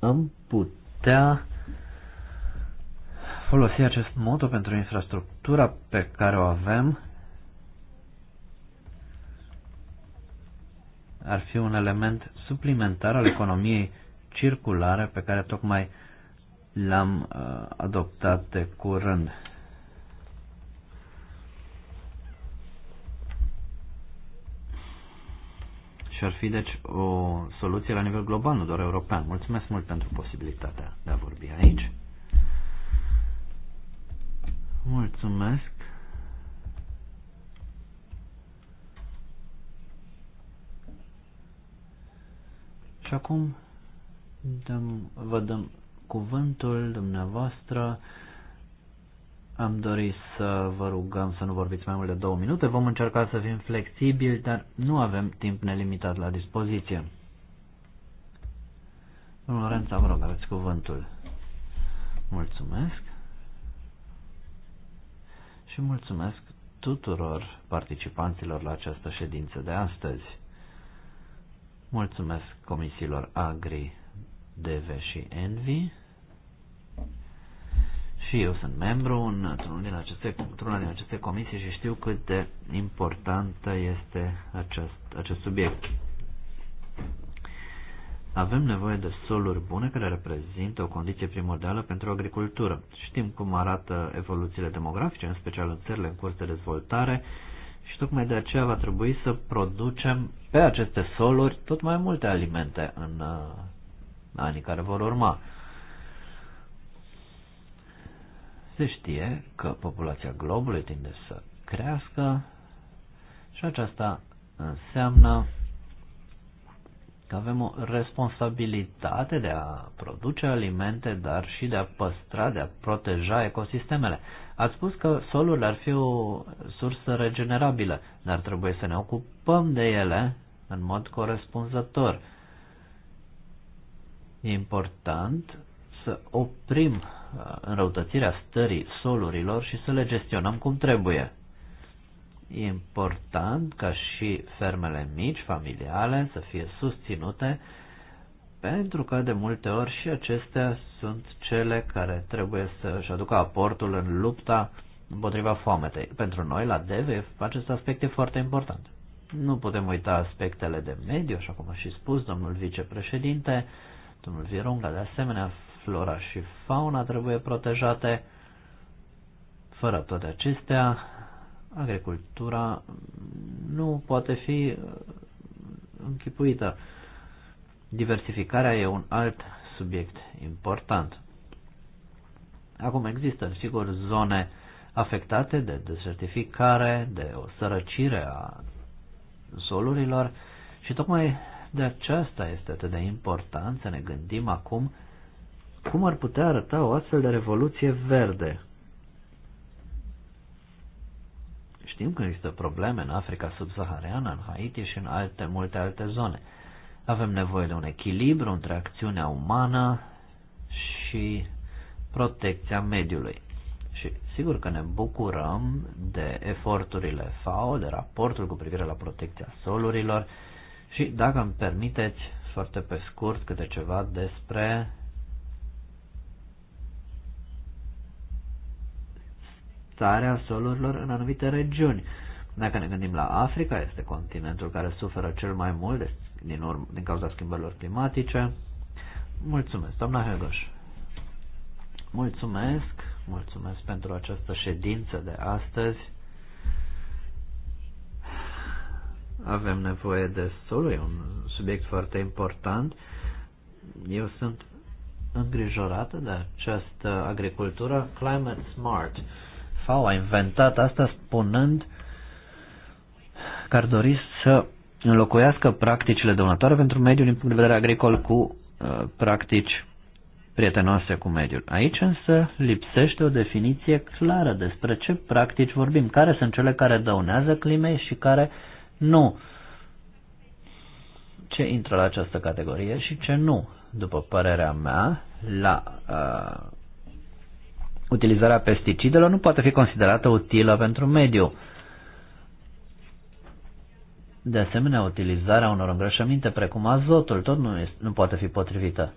am putea folosi acest moto pentru infrastructura pe care o avem. Ar fi un element suplimentar al economiei circulare pe care tocmai l-am uh, adoptat de curând. și ar fi deci o soluție la nivel global, nu doar european. Mulțumesc mult pentru posibilitatea de a vorbi aici. Mulțumesc. Și acum dăm, vă dăm cuvântul dumneavoastră am dorit să vă rugăm să nu vorbiți mai mult de două minute. Vom încerca să fim flexibili, dar nu avem timp nelimitat la dispoziție. Domnul Rența, vă rog, aveți cuvântul. Mulțumesc. Și mulțumesc tuturor participanților la această ședință de astăzi. Mulțumesc comisiilor Agri, DV și Envi și eu sunt membru în, într-una din, aceste, într din aceste comisii și știu cât de importantă este acest, acest subiect. Avem nevoie de soluri bune care reprezintă o condiție primordială pentru agricultură. Știm cum arată evoluțiile demografice, în special în țările în curs de dezvoltare, și tocmai de aceea va trebui să producem pe aceste soluri tot mai multe alimente în uh, anii care vor urma. Se știe că populația globului tinde să crească și aceasta înseamnă că avem o responsabilitate de a produce alimente, dar și de a păstra, de a proteja ecosistemele. Ați spus că solul ar fi o sursă regenerabilă, dar trebuie să ne ocupăm de ele în mod corespunzător. E important să oprim Uh, înrăutățirea stării solurilor și să le gestionăm cum trebuie. E important ca și fermele mici, familiale, să fie susținute, pentru că de multe ori și acestea sunt cele care trebuie să-și aducă aportul în lupta împotriva foametei. Pentru noi, la DEVE, acest aspect e foarte important. Nu putem uita aspectele de mediu, așa cum a și spus domnul vicepreședinte, domnul Virunga, de asemenea, flora și fauna trebuie protejate. Fără toate acestea, agricultura nu poate fi uh, închipuită. Diversificarea e un alt subiect important. Acum există, sigur, zone afectate de desertificare, de o sărăcire a solurilor și tocmai de aceasta este atât de important să ne gândim acum cum ar putea arăta o astfel de revoluție verde? Știm că există probleme în Africa subsahariană, în Haiti și în alte, multe alte zone. Avem nevoie de un echilibru între acțiunea umană și protecția mediului. Și sigur că ne bucurăm de eforturile FAO, de raportul cu privire la protecția solurilor și, dacă îmi permiteți, foarte pe scurt câte ceva despre starea solurilor în anumite regiuni. Dacă ne gândim la Africa, este continentul care suferă cel mai mult din, urm- din cauza schimbărilor climatice. Mulțumesc, doamna Hegoș. Mulțumesc, mulțumesc pentru această ședință de astăzi. Avem nevoie de solul, e un subiect foarte important. Eu sunt îngrijorată de această agricultură climate smart FAO a inventat asta spunând că ar dori să înlocuiască practicile dăunătoare pentru mediul din punct de vedere agricol cu uh, practici prietenoase cu mediul. Aici însă lipsește o definiție clară despre ce practici vorbim, care sunt cele care dăunează climei și care nu. Ce intră la această categorie și ce nu. După părerea mea, la uh, utilizarea pesticidelor nu poate fi considerată utilă pentru mediu. De asemenea, utilizarea unor îngrășăminte precum azotul tot nu, este, nu poate fi potrivită.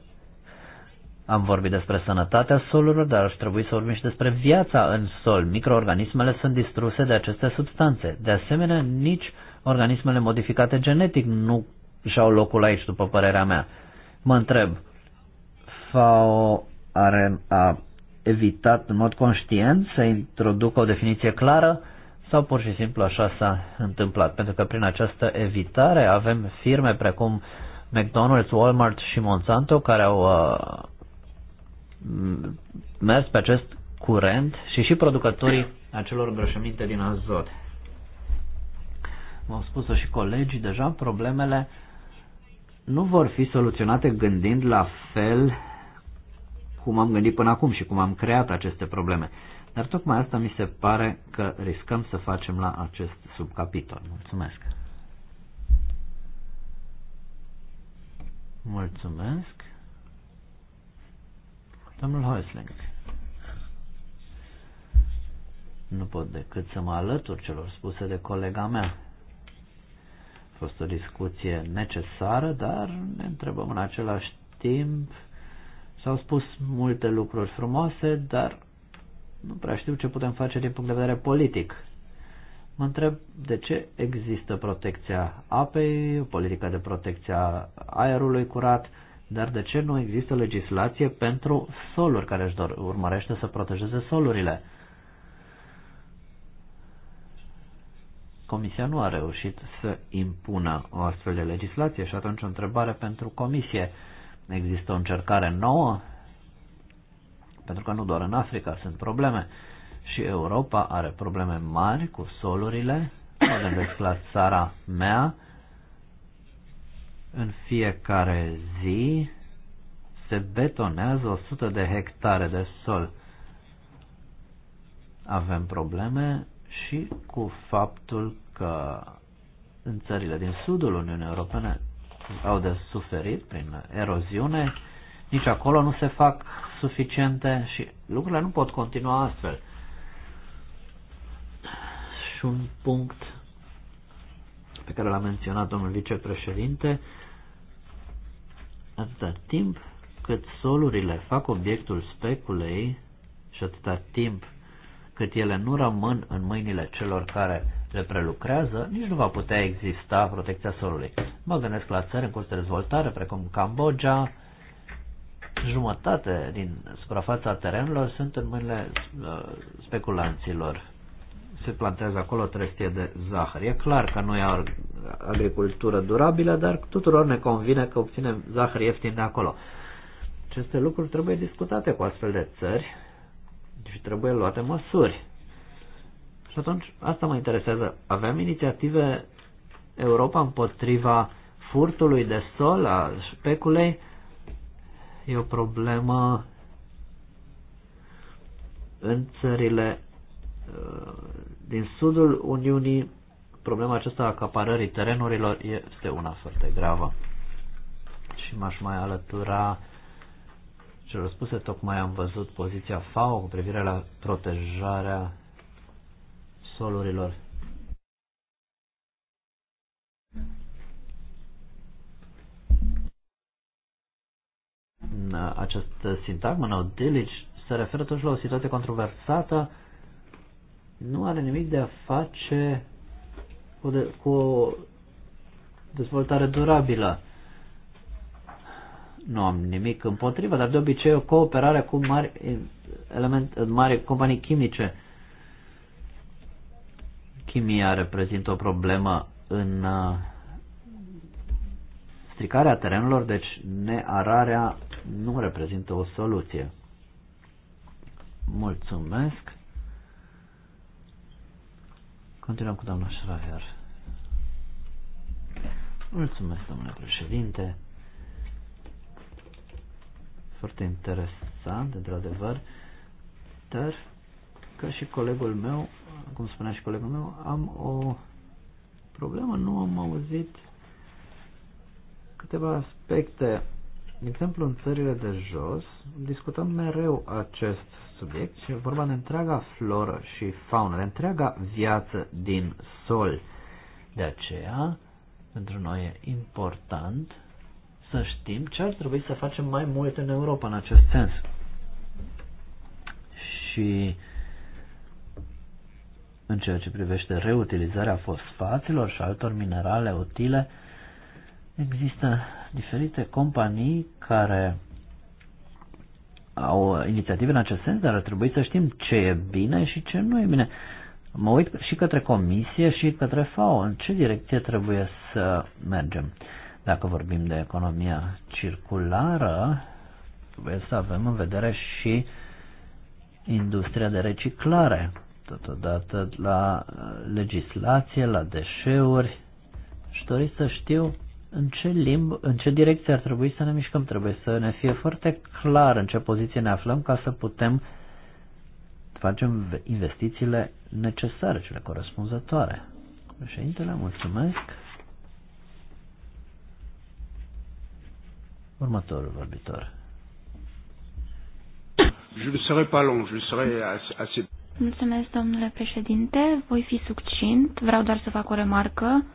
Am vorbit despre sănătatea solurilor, dar ar trebui să vorbim și despre viața în sol. Microorganismele sunt distruse de aceste substanțe. De asemenea, nici organismele modificate genetic nu și-au locul aici, după părerea mea. Mă întreb, FAO are a evitat în mod conștient să introducă o definiție clară sau pur și simplu așa s-a întâmplat? Pentru că prin această evitare avem firme precum McDonald's, Walmart și Monsanto care au uh, mers pe acest curent și și producătorii acelor îngrășăminte din azot. M-au spus-o și colegii deja, problemele nu vor fi soluționate gândind la fel cum am gândit până acum și cum am creat aceste probleme. Dar tocmai asta mi se pare că riscăm să facem la acest subcapitol. Mulțumesc! Mulțumesc! Domnul Häusling. Nu pot decât să mă alătur celor spuse de colega mea. A fost o discuție necesară, dar ne întrebăm în același timp S-au spus multe lucruri frumoase, dar nu prea știu ce putem face din punct de vedere politic. Mă întreb de ce există protecția apei, politica de protecție a aerului curat, dar de ce nu există legislație pentru soluri care își dor, urmărește să protejeze solurile? Comisia nu a reușit să impună o astfel de legislație și atunci o întrebare pentru Comisie Există o încercare nouă? Pentru că nu doar în Africa sunt probleme. Și Europa are probleme mari cu solurile. Mă gândesc la țara mea. În fiecare zi se betonează 100 de hectare de sol. Avem probleme și cu faptul că în țările din sudul Uniunii Europene au de suferit prin eroziune, nici acolo nu se fac suficiente și lucrurile nu pot continua astfel. Și un punct pe care l-a menționat domnul vicepreședinte, atâta timp cât solurile fac obiectul speculei și atâta timp cât ele nu rămân în mâinile celor care le prelucrează, nici nu va putea exista protecția solului. Mă gândesc la țări în curs de dezvoltare, precum Cambodgia, jumătate din suprafața terenurilor sunt în mâinile uh, speculanților. Se plantează acolo trestie de zahăr. E clar că nu e agricultură durabilă, dar tuturor ne convine că obținem zahăr ieftin de acolo. Aceste lucruri trebuie discutate cu astfel de țări și trebuie luate măsuri. Și atunci asta mă interesează. Avem inițiative Europa împotriva furtului de sol, a speculei. E o problemă în țările uh, din sudul Uniunii. Problema aceasta a acaparării terenurilor este una foarte gravă. Și m-aș mai alătura celor spuse, tocmai am văzut poziția FAO cu privire la protejarea solurilor. Acest sintagmă, no diligence, se referă totuși la o situație controversată, nu are nimic de a face cu, de, cu o dezvoltare durabilă. Nu am nimic împotrivă, dar de obicei o cooperare cu mari, element, mari companii chimice chimia reprezintă o problemă în uh, stricarea terenurilor, deci neararea nu reprezintă o soluție. Mulțumesc. Continuăm cu doamna Schreier. Mulțumesc, domnule președinte. Foarte interesant, într-adevăr, dar ca și colegul meu, cum spunea și colegul meu, am o problemă, nu am auzit câteva aspecte. De exemplu, în țările de jos discutăm mereu acest subiect și vorba de întreaga floră și faună, de întreaga viață din sol. De aceea, pentru noi e important să știm ce ar trebui să facem mai mult în Europa în acest sens. Și în ceea ce privește reutilizarea fosfaților și altor minerale utile, există diferite companii care au inițiative în acest sens, dar ar trebui să știm ce e bine și ce nu e bine. Mă uit și către comisie și către FAO. În ce direcție trebuie să mergem? Dacă vorbim de economia circulară, trebuie să avem în vedere și industria de reciclare totodată la uh, legislație, la deșeuri și dori să știu în ce limbă, în ce direcție ar trebui să ne mișcăm. Trebuie să ne fie foarte clar în ce poziție ne aflăm ca să putem facem investițiile necesare, cele corespunzătoare. Președintele, mulțumesc. Următorul vorbitor. Je ne serai pas long, je serai assez... Mulțumesc, domnule președinte. Voi fi succint. Vreau doar să fac o remarcă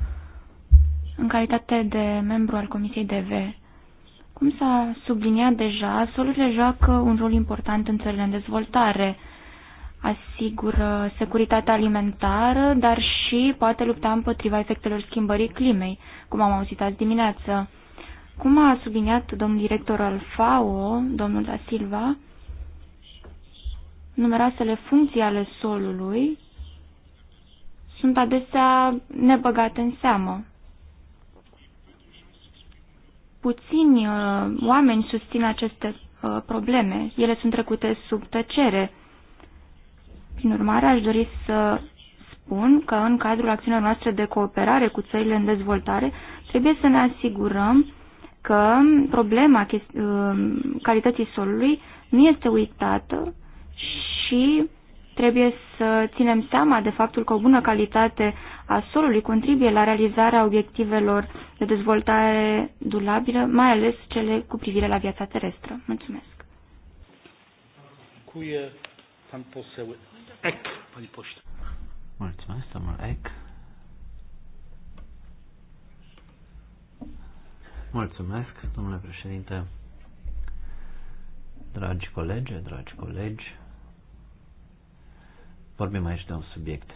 în calitate de membru al Comisiei DV. Cum s-a subliniat deja, solurile joacă un rol important în țările în dezvoltare. Asigură securitatea alimentară, dar și poate lupta împotriva efectelor schimbării climei, cum am auzit azi dimineață. Cum a subliniat domnul director al FAO, domnul Da Silva, numeroasele funcții ale solului sunt adesea nebăgate în seamă. Puțini uh, oameni susțin aceste uh, probleme. Ele sunt trecute sub tăcere. Prin urmare, aș dori să spun că în cadrul acțiunilor noastre de cooperare cu țările în dezvoltare, trebuie să ne asigurăm că problema uh, calității solului nu este uitată și trebuie să ținem seama de faptul că o bună calitate a solului contribuie la realizarea obiectivelor de dezvoltare durabilă, mai ales cele cu privire la viața terestră. Mulțumesc. Mulțumesc, domnul Eck. Mulțumesc, domnule președinte. Dragi colegi, dragi colegi, Vorbim aici de un subiect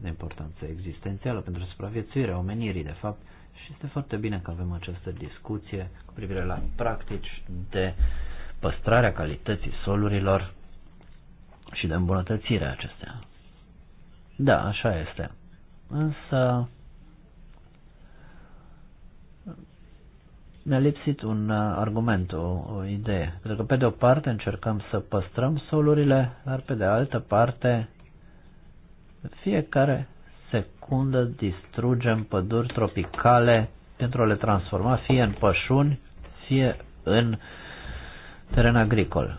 de importanță existențială pentru supraviețuirea omenirii, de fapt, și este foarte bine că avem această discuție cu privire la practici de păstrarea calității solurilor și de îmbunătățirea acestea. Da, așa este. Însă ne-a lipsit un uh, argument, o, o idee. Pentru că pe de o parte încercăm să păstrăm solurile, dar pe de altă parte fiecare secundă distrugem păduri tropicale pentru a le transforma fie în pășuni, fie în teren agricol.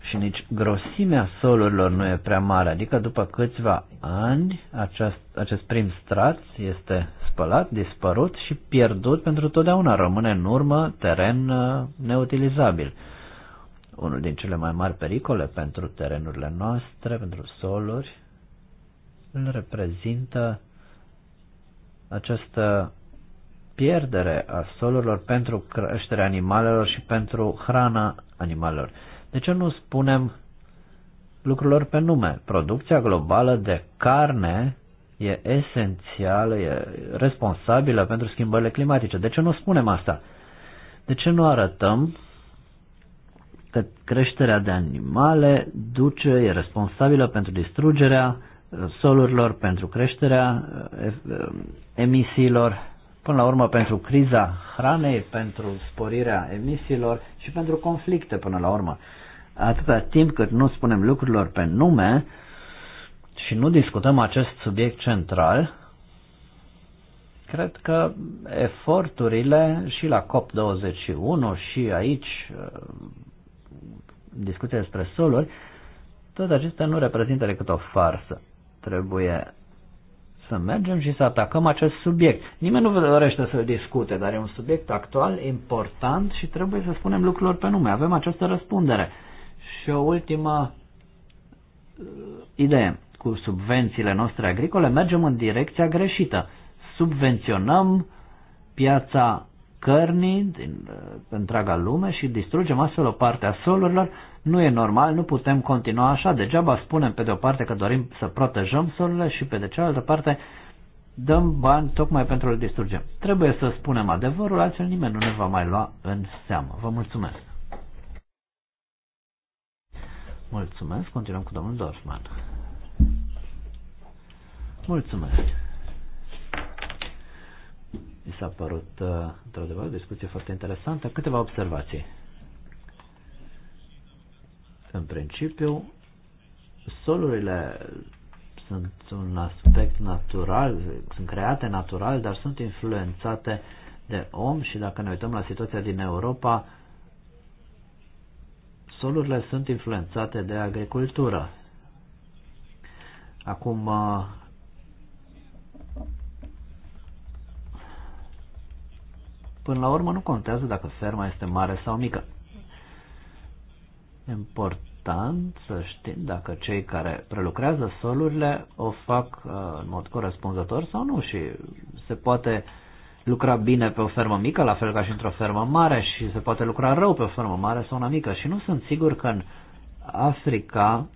Și nici grosimea solurilor nu e prea mare, adică după câțiva ani acest, acest prim strat este spălat, dispărut și pierdut pentru totdeauna. Rămâne în urmă teren uh, neutilizabil unul din cele mai mari pericole pentru terenurile noastre, pentru soluri, îl reprezintă această pierdere a solurilor pentru creșterea animalelor și pentru hrana animalelor. De ce nu spunem lucrurilor pe nume? Producția globală de carne e esențială, e responsabilă pentru schimbările climatice. De ce nu spunem asta? De ce nu arătăm creșterea de animale duce, e responsabilă pentru distrugerea uh, solurilor, pentru creșterea uh, uh, emisiilor, până la urmă pentru criza hranei, pentru sporirea emisiilor și pentru conflicte până la urmă. Atâta timp cât nu spunem lucrurilor pe nume și nu discutăm acest subiect central, cred că eforturile și la COP21 și aici discuția despre soluri, tot acestea nu reprezintă decât o farsă. Trebuie să mergem și să atacăm acest subiect. Nimeni nu dorește să discute, dar e un subiect actual, important și trebuie să spunem lucrurilor pe nume. Avem această răspundere. Și o ultimă uh, idee. Cu subvențiile noastre agricole mergem în direcția greșită. Subvenționăm piața cărnii din uh, întreaga lume și distrugem astfel o parte a solurilor, nu e normal, nu putem continua așa. Degeaba spunem pe de o parte că dorim să protejăm solurile și pe de cealaltă parte dăm bani tocmai pentru a-l distruge. Trebuie să spunem adevărul, altfel nimeni nu ne va mai lua în seamă. Vă mulțumesc! Mulțumesc, continuăm cu domnul Dorfman. Mulțumesc! Mi s-a părut, uh, într-adevăr, o discuție foarte interesantă. Câteva observații. În principiu, solurile sunt un aspect natural, sunt create natural, dar sunt influențate de om și dacă ne uităm la situația din Europa, solurile sunt influențate de agricultură. Acum, uh, Până la urmă nu contează dacă ferma este mare sau mică. Important să știm dacă cei care prelucrează solurile o fac uh, în mod corespunzător sau nu și se poate lucra bine pe o fermă mică, la fel ca și într-o fermă mare și se poate lucra rău pe o fermă mare sau una mică și nu sunt sigur că în Africa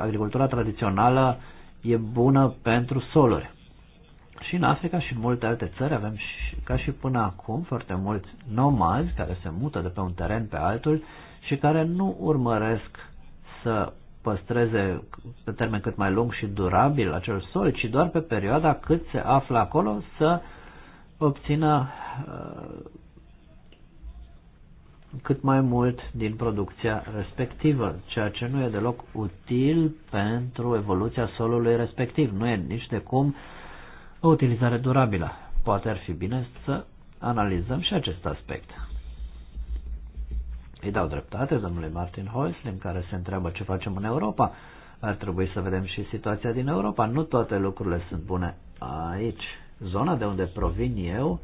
agricultura tradițională e bună pentru soluri. Și în Africa și în multe alte țări avem, și, ca și până acum, foarte mulți nomazi care se mută de pe un teren pe altul și care nu urmăresc să păstreze pe termen cât mai lung și durabil acel sol, ci doar pe perioada cât se află acolo să obțină uh, cât mai mult din producția respectivă, ceea ce nu e deloc util pentru evoluția solului respectiv. Nu e nici de cum uh, o utilizare durabilă. Poate ar fi bine să analizăm și acest aspect. Îi dau dreptate domnului Martin Häusling, care se întreabă ce facem în Europa. Ar trebui să vedem și situația din Europa. Nu toate lucrurile sunt bune aici. Zona de unde provin eu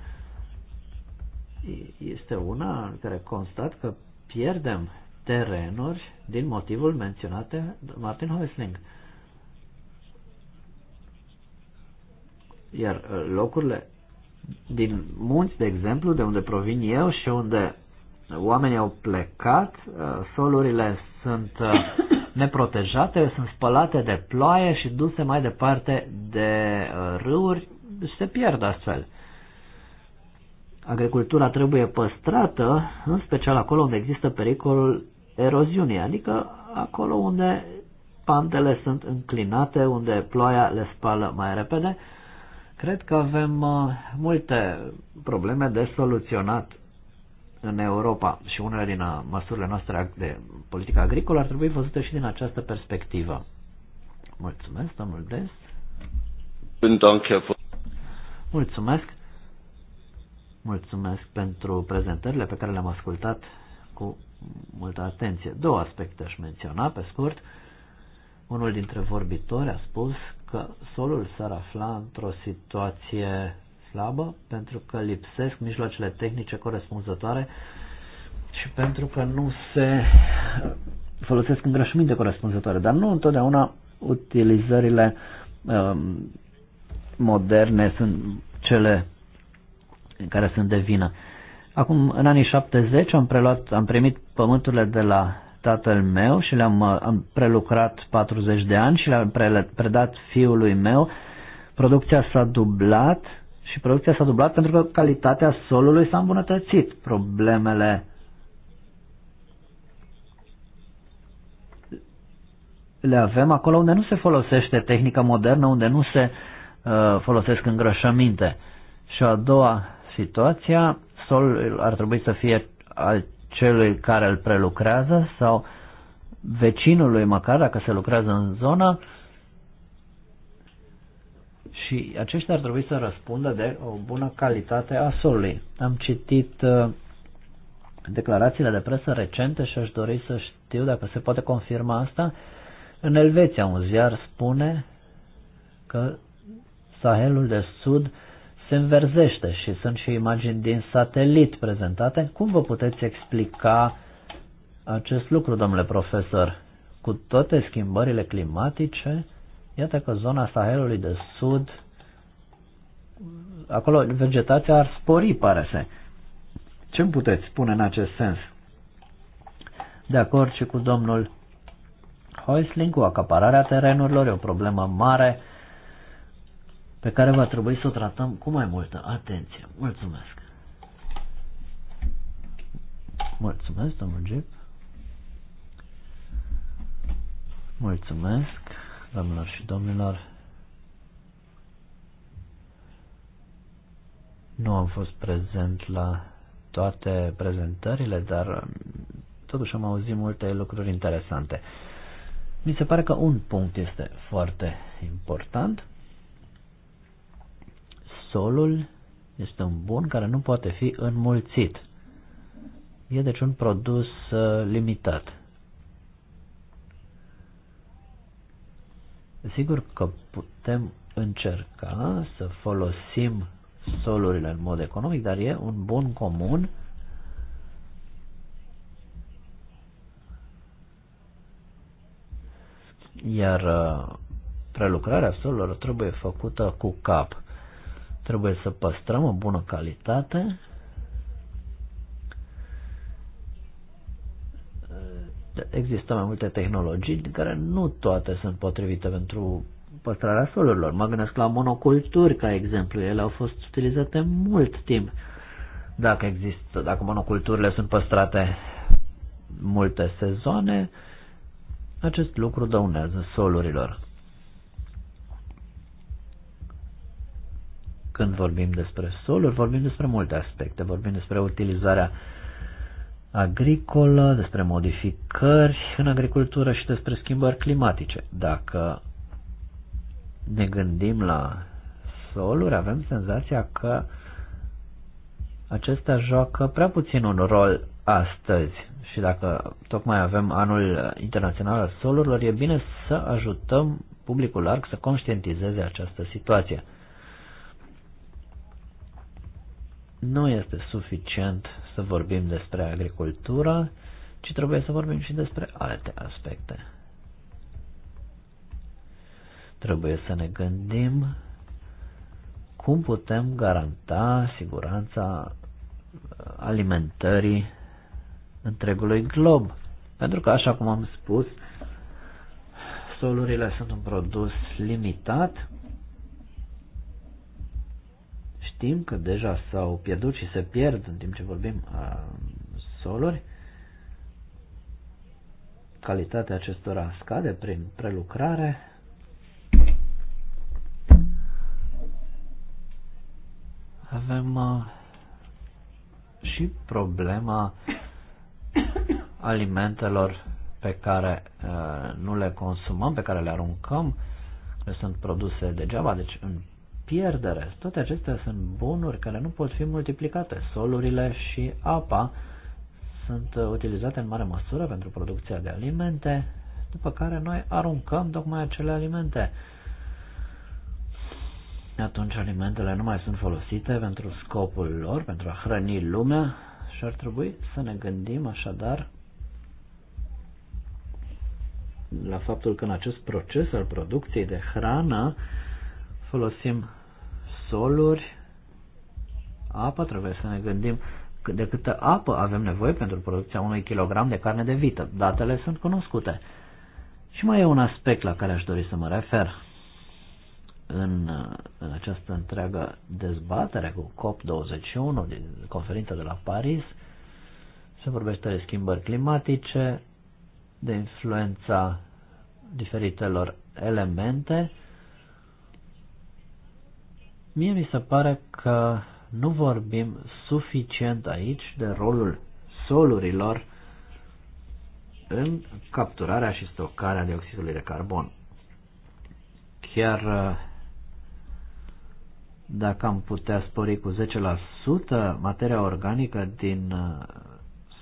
este una în care constat că pierdem terenuri din motivul menționat de Martin Häusling. Iar uh, locurile din munți, de exemplu, de unde provin eu și unde oamenii au plecat, uh, solurile sunt uh, *coughs* neprotejate, sunt spălate de ploaie și duse mai departe de râuri și deci se pierd astfel. Agricultura trebuie păstrată, în special acolo unde există pericolul eroziunii, adică acolo unde pantele sunt înclinate, unde ploaia le spală mai repede, Cred că avem uh, multe probleme de soluționat în Europa și unele din uh, măsurile noastre de politică agricolă ar trebui văzute și din această perspectivă. Mulțumesc, domnul Des. Mulțumesc. Mulțumesc pentru prezentările pe care le-am ascultat cu multă atenție. Două aspecte aș menționa, pe scurt. Unul dintre vorbitori a spus că solul s-ar afla într-o situație slabă pentru că lipsesc mijloacele tehnice corespunzătoare și pentru că nu se folosesc îngrășăminte corespunzătoare, dar nu întotdeauna utilizările um, moderne sunt cele în care sunt de vină. Acum, în anii 70, am, preluat, am primit pământurile de la tatăl meu și le-am uh, am prelucrat 40 de ani și le-am predat fiului meu. Producția s-a dublat și producția s-a dublat pentru că calitatea solului s-a îmbunătățit. Problemele le avem acolo unde nu se folosește tehnica modernă, unde nu se uh, folosesc îngrășăminte. Și a doua situație, solul ar trebui să fie al celui care îl prelucrează sau vecinului măcar, dacă se lucrează în zonă, și aceștia ar trebui să răspundă de o bună calitate a solului. Am citit uh, declarațiile de presă recente și aș dori să știu dacă se poate confirma asta. În Elveția, un ziar spune că Sahelul de Sud se înverzește și sunt și imagini din satelit prezentate. Cum vă puteți explica acest lucru, domnule profesor? Cu toate schimbările climatice, iată că zona Sahelului de Sud, acolo vegetația ar spori, pare să. Ce puteți spune în acest sens? De acord și cu domnul Hoisling, cu acapararea terenurilor, e o problemă mare, pe care va trebui să o tratăm cu mai multă atenție. Mulțumesc! Mulțumesc, domnul Gip. Mulțumesc, doamnelor și domnilor. Nu am fost prezent la toate prezentările, dar totuși am auzit multe lucruri interesante. Mi se pare că un punct este foarte important solul este un bun care nu poate fi înmulțit. E deci un produs uh, limitat. Sigur că putem încerca să folosim solurile în mod economic, dar e un bun comun iar uh, prelucrarea solurilor trebuie făcută cu cap. Trebuie să păstrăm o bună calitate. Există mai multe tehnologii din care nu toate sunt potrivite pentru păstrarea solurilor. Mă gândesc la monoculturi, ca exemplu. Ele au fost utilizate mult timp. Dacă există, dacă monoculturile sunt păstrate multe sezoane, acest lucru dăunează solurilor. Când vorbim despre soluri, vorbim despre multe aspecte. Vorbim despre utilizarea agricolă, despre modificări în agricultură și despre schimbări climatice. Dacă ne gândim la soluri, avem senzația că acestea joacă prea puțin un rol astăzi. Și dacă tocmai avem anul internațional al solurilor, e bine să ajutăm publicul larg să conștientizeze această situație. nu este suficient să vorbim despre agricultură, ci trebuie să vorbim și despre alte aspecte. Trebuie să ne gândim cum putem garanta siguranța alimentării întregului glob. Pentru că, așa cum am spus, solurile sunt un produs limitat știm că deja s-au pierdut și se pierd în timp ce vorbim uh, soluri, calitatea acestora scade prin prelucrare. Avem uh, și problema alimentelor pe care uh, nu le consumăm, pe care le aruncăm, le sunt produse degeaba, deci în pierdere. Toate acestea sunt bunuri care nu pot fi multiplicate. Solurile și apa sunt uh, utilizate în mare măsură pentru producția de alimente, după care noi aruncăm tocmai acele alimente. Atunci alimentele nu mai sunt folosite pentru scopul lor, pentru a hrăni lumea și ar trebui să ne gândim așadar la faptul că în acest proces al producției de hrană folosim soluri, apă, trebuie să ne gândim de câtă apă avem nevoie pentru producția unui kilogram de carne de vită. Datele sunt cunoscute. Și mai e un aspect la care aș dori să mă refer în, în această întreagă dezbatere cu COP21 din conferința de la Paris. Se vorbește de schimbări climatice, de influența diferitelor elemente Mie mi se pare că nu vorbim suficient aici de rolul solurilor în capturarea și stocarea dioxidului de carbon. Chiar uh, dacă am putea spori cu 10% materia organică din uh,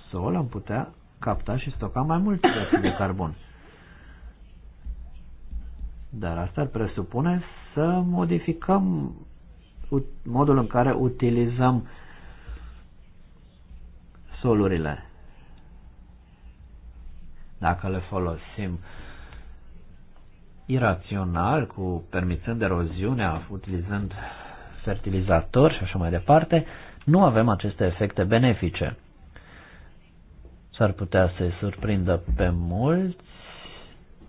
sol, am putea capta și stoca mai mult dioxid de carbon. Dar asta ar presupune să modificăm modul în care utilizăm solurile. Dacă le folosim irațional, cu permițând eroziunea, utilizând fertilizatori și așa mai departe, nu avem aceste efecte benefice. S-ar putea să-i surprindă pe mulți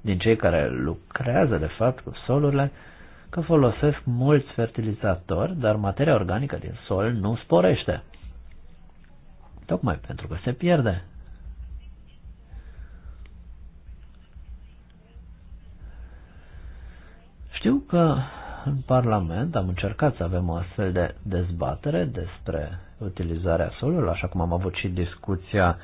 din cei care lucrează, de fapt, cu solurile, că folosesc mulți fertilizatori, dar materia organică din sol nu sporește. Tocmai pentru că se pierde. Știu că în Parlament am încercat să avem o astfel de dezbatere despre utilizarea solului, așa cum am avut și discuția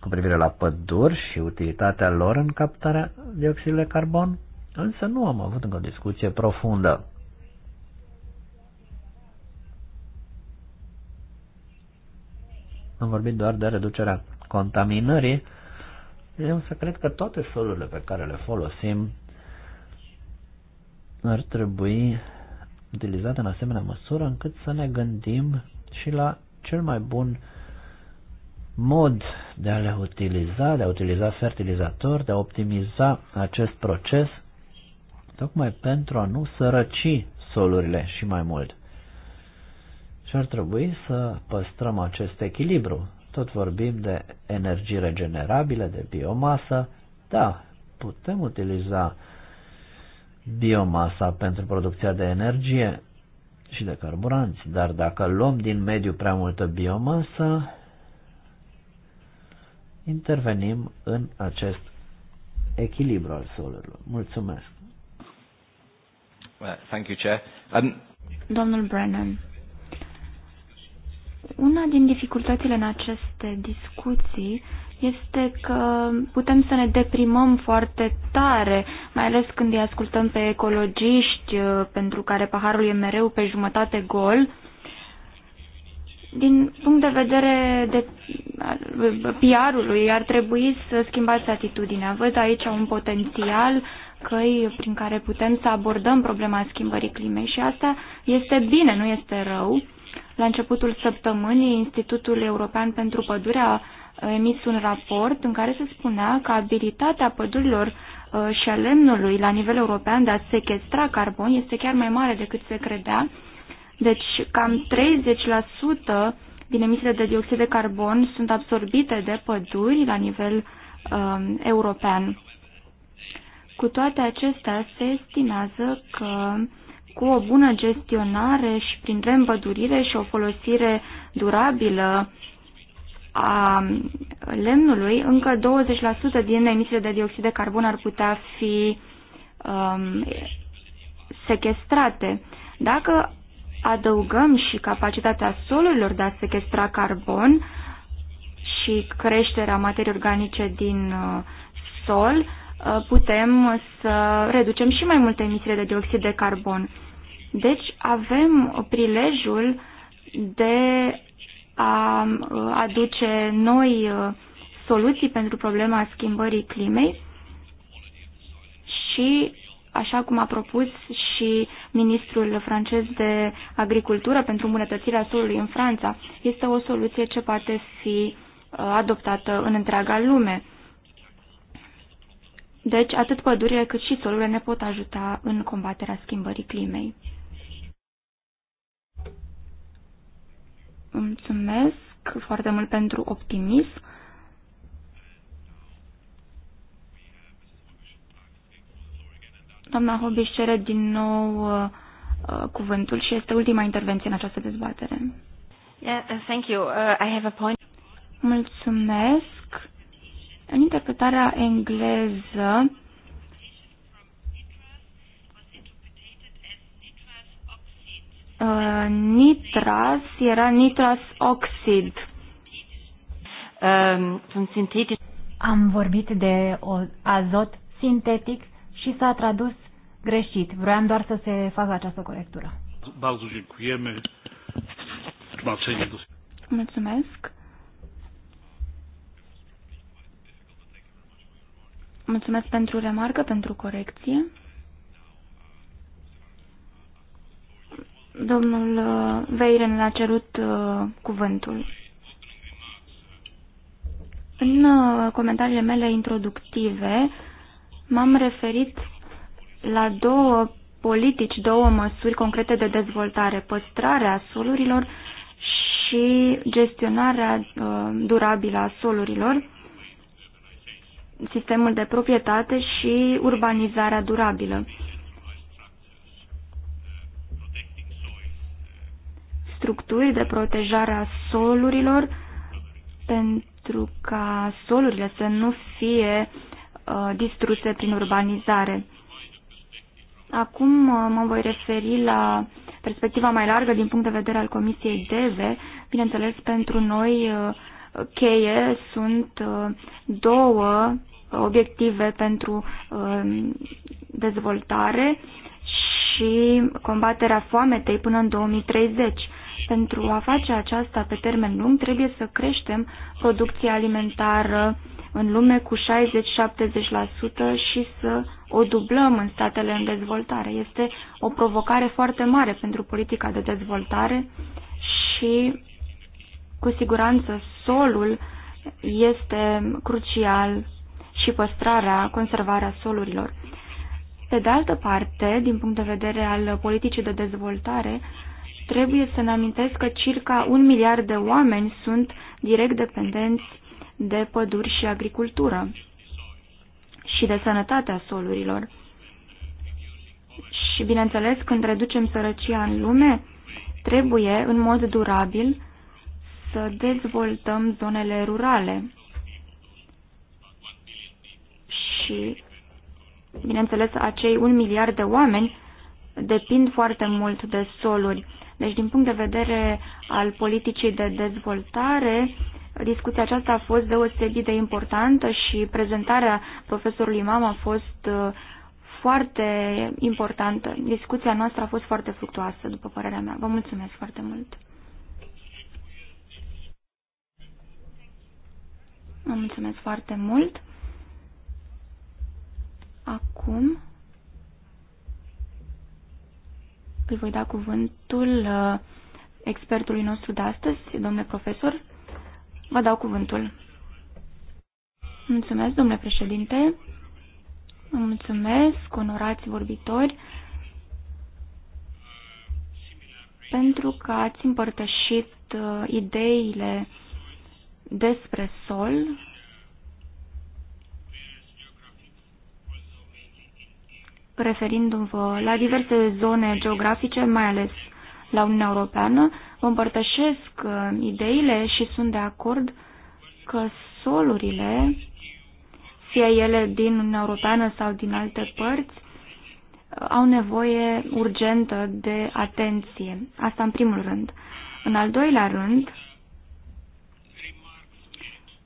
cu privire la păduri și utilitatea lor în captarea dioxidului de carbon. Însă nu am avut încă o discuție profundă. Am vorbit doar de reducerea contaminării, însă cred că toate solurile pe care le folosim ar trebui utilizate în asemenea măsură încât să ne gândim și la cel mai bun mod de a le utiliza, de a utiliza fertilizator, de a optimiza acest proces tocmai pentru a nu sărăci solurile și mai mult. Și ar trebui să păstrăm acest echilibru. Tot vorbim de energii regenerabile, de biomasă. Da, putem utiliza biomasa pentru producția de energie și de carburanți, dar dacă luăm din mediu prea multă biomasă, intervenim în acest echilibru al solurilor. Mulțumesc! Thank you, Chair. Um... Domnul Brennan, una din dificultățile în aceste discuții este că putem să ne deprimăm foarte tare, mai ales când îi ascultăm pe ecologiști, uh, pentru care paharul e mereu pe jumătate gol. Din punct de vedere de uh, PR-ului, ar trebui să schimbați atitudinea. Văd aici un potențial căi prin care putem să abordăm problema schimbării climei și asta este bine, nu este rău. La începutul săptămânii, Institutul European pentru Pădure a emis un raport în care se spunea că abilitatea pădurilor uh, și a lemnului la nivel european de a sequestra carbon este chiar mai mare decât se credea. Deci cam 30% din emisiile de dioxid de carbon sunt absorbite de păduri la nivel um, european. Cu toate acestea, se estimează că cu o bună gestionare și prin reîmbădurire și o folosire durabilă a lemnului, încă 20% din emisiile de dioxid de carbon ar putea fi um, sequestrate. Dacă adăugăm și capacitatea solurilor de a sequestra carbon și creșterea materii organice din uh, sol, Uh, putem să reducem și mai mult emisiile de dioxid de carbon. Deci avem prilejul de a uh, aduce noi uh, soluții pentru problema schimbării climei și, așa cum a propus și ministrul francez de agricultură pentru îmbunătățirea solului în Franța, este o soluție ce poate fi adoptată în întreaga lume. Deci, atât pădurile cât și solurile ne pot ajuta în combaterea schimbării climei. Mulțumesc foarte mult pentru optimism. Doamna Hobbes cere din nou uh, cuvântul și este ultima intervenție în această dezbatere. Yeah, thank you. Uh, I have a point. Mulțumesc. În interpretarea engleză, uh, nitras era nitras oxid. Uh, Am vorbit de o azot sintetic și s-a tradus greșit. Vroiam doar să se facă această corectură. Mulțumesc. Mulțumesc pentru remarcă, pentru corecție. Domnul uh, Veiren l-a cerut uh, cuvântul. În uh, comentariile mele introductive m-am referit la două politici, două măsuri concrete de dezvoltare, păstrarea solurilor și gestionarea uh, durabilă a solurilor sistemul de proprietate și urbanizarea durabilă. Structuri de protejare a solurilor pentru ca solurile să nu fie uh, distruse prin urbanizare. Acum uh, mă voi referi la perspectiva mai largă din punct de vedere al Comisiei DEVE. Bineînțeles, pentru noi uh, cheie sunt uh, două obiective pentru um, dezvoltare și combaterea foametei până în 2030. Pentru a face aceasta pe termen lung, trebuie să creștem producția alimentară în lume cu 60-70% și să o dublăm în statele în dezvoltare. Este o provocare foarte mare pentru politica de dezvoltare și cu siguranță solul este crucial și păstrarea, conservarea solurilor. Pe de altă parte, din punct de vedere al politicii de dezvoltare, trebuie să ne amintesc că circa un miliard de oameni sunt direct dependenți de păduri și agricultură și de sănătatea solurilor. Și bineînțeles, când reducem sărăcia în lume, trebuie, în mod durabil, să dezvoltăm zonele rurale. și, bineînțeles, acei un miliard de oameni depind foarte mult de soluri. Deci, din punct de vedere al politicii de dezvoltare, discuția aceasta a fost deosebit de importantă și prezentarea profesorului Mam a fost uh, foarte importantă. Discuția noastră a fost foarte fructuoasă, după părerea mea. Vă mulțumesc foarte mult! Vă mulțumesc foarte mult! Acum îl voi da cuvântul uh, expertului nostru de astăzi, domnule profesor. Vă dau cuvântul. Mulțumesc, domnule președinte. Mulțumesc, onorați vorbitori, pentru că ați împărtășit uh, ideile despre sol referindu-vă la diverse zone geografice, mai ales la Uniunea Europeană. Vă împărtășesc uh, ideile și sunt de acord că solurile, fie ele din Uniunea Europeană sau din alte părți, uh, au nevoie urgentă de atenție. Asta în primul rând. În al doilea rând,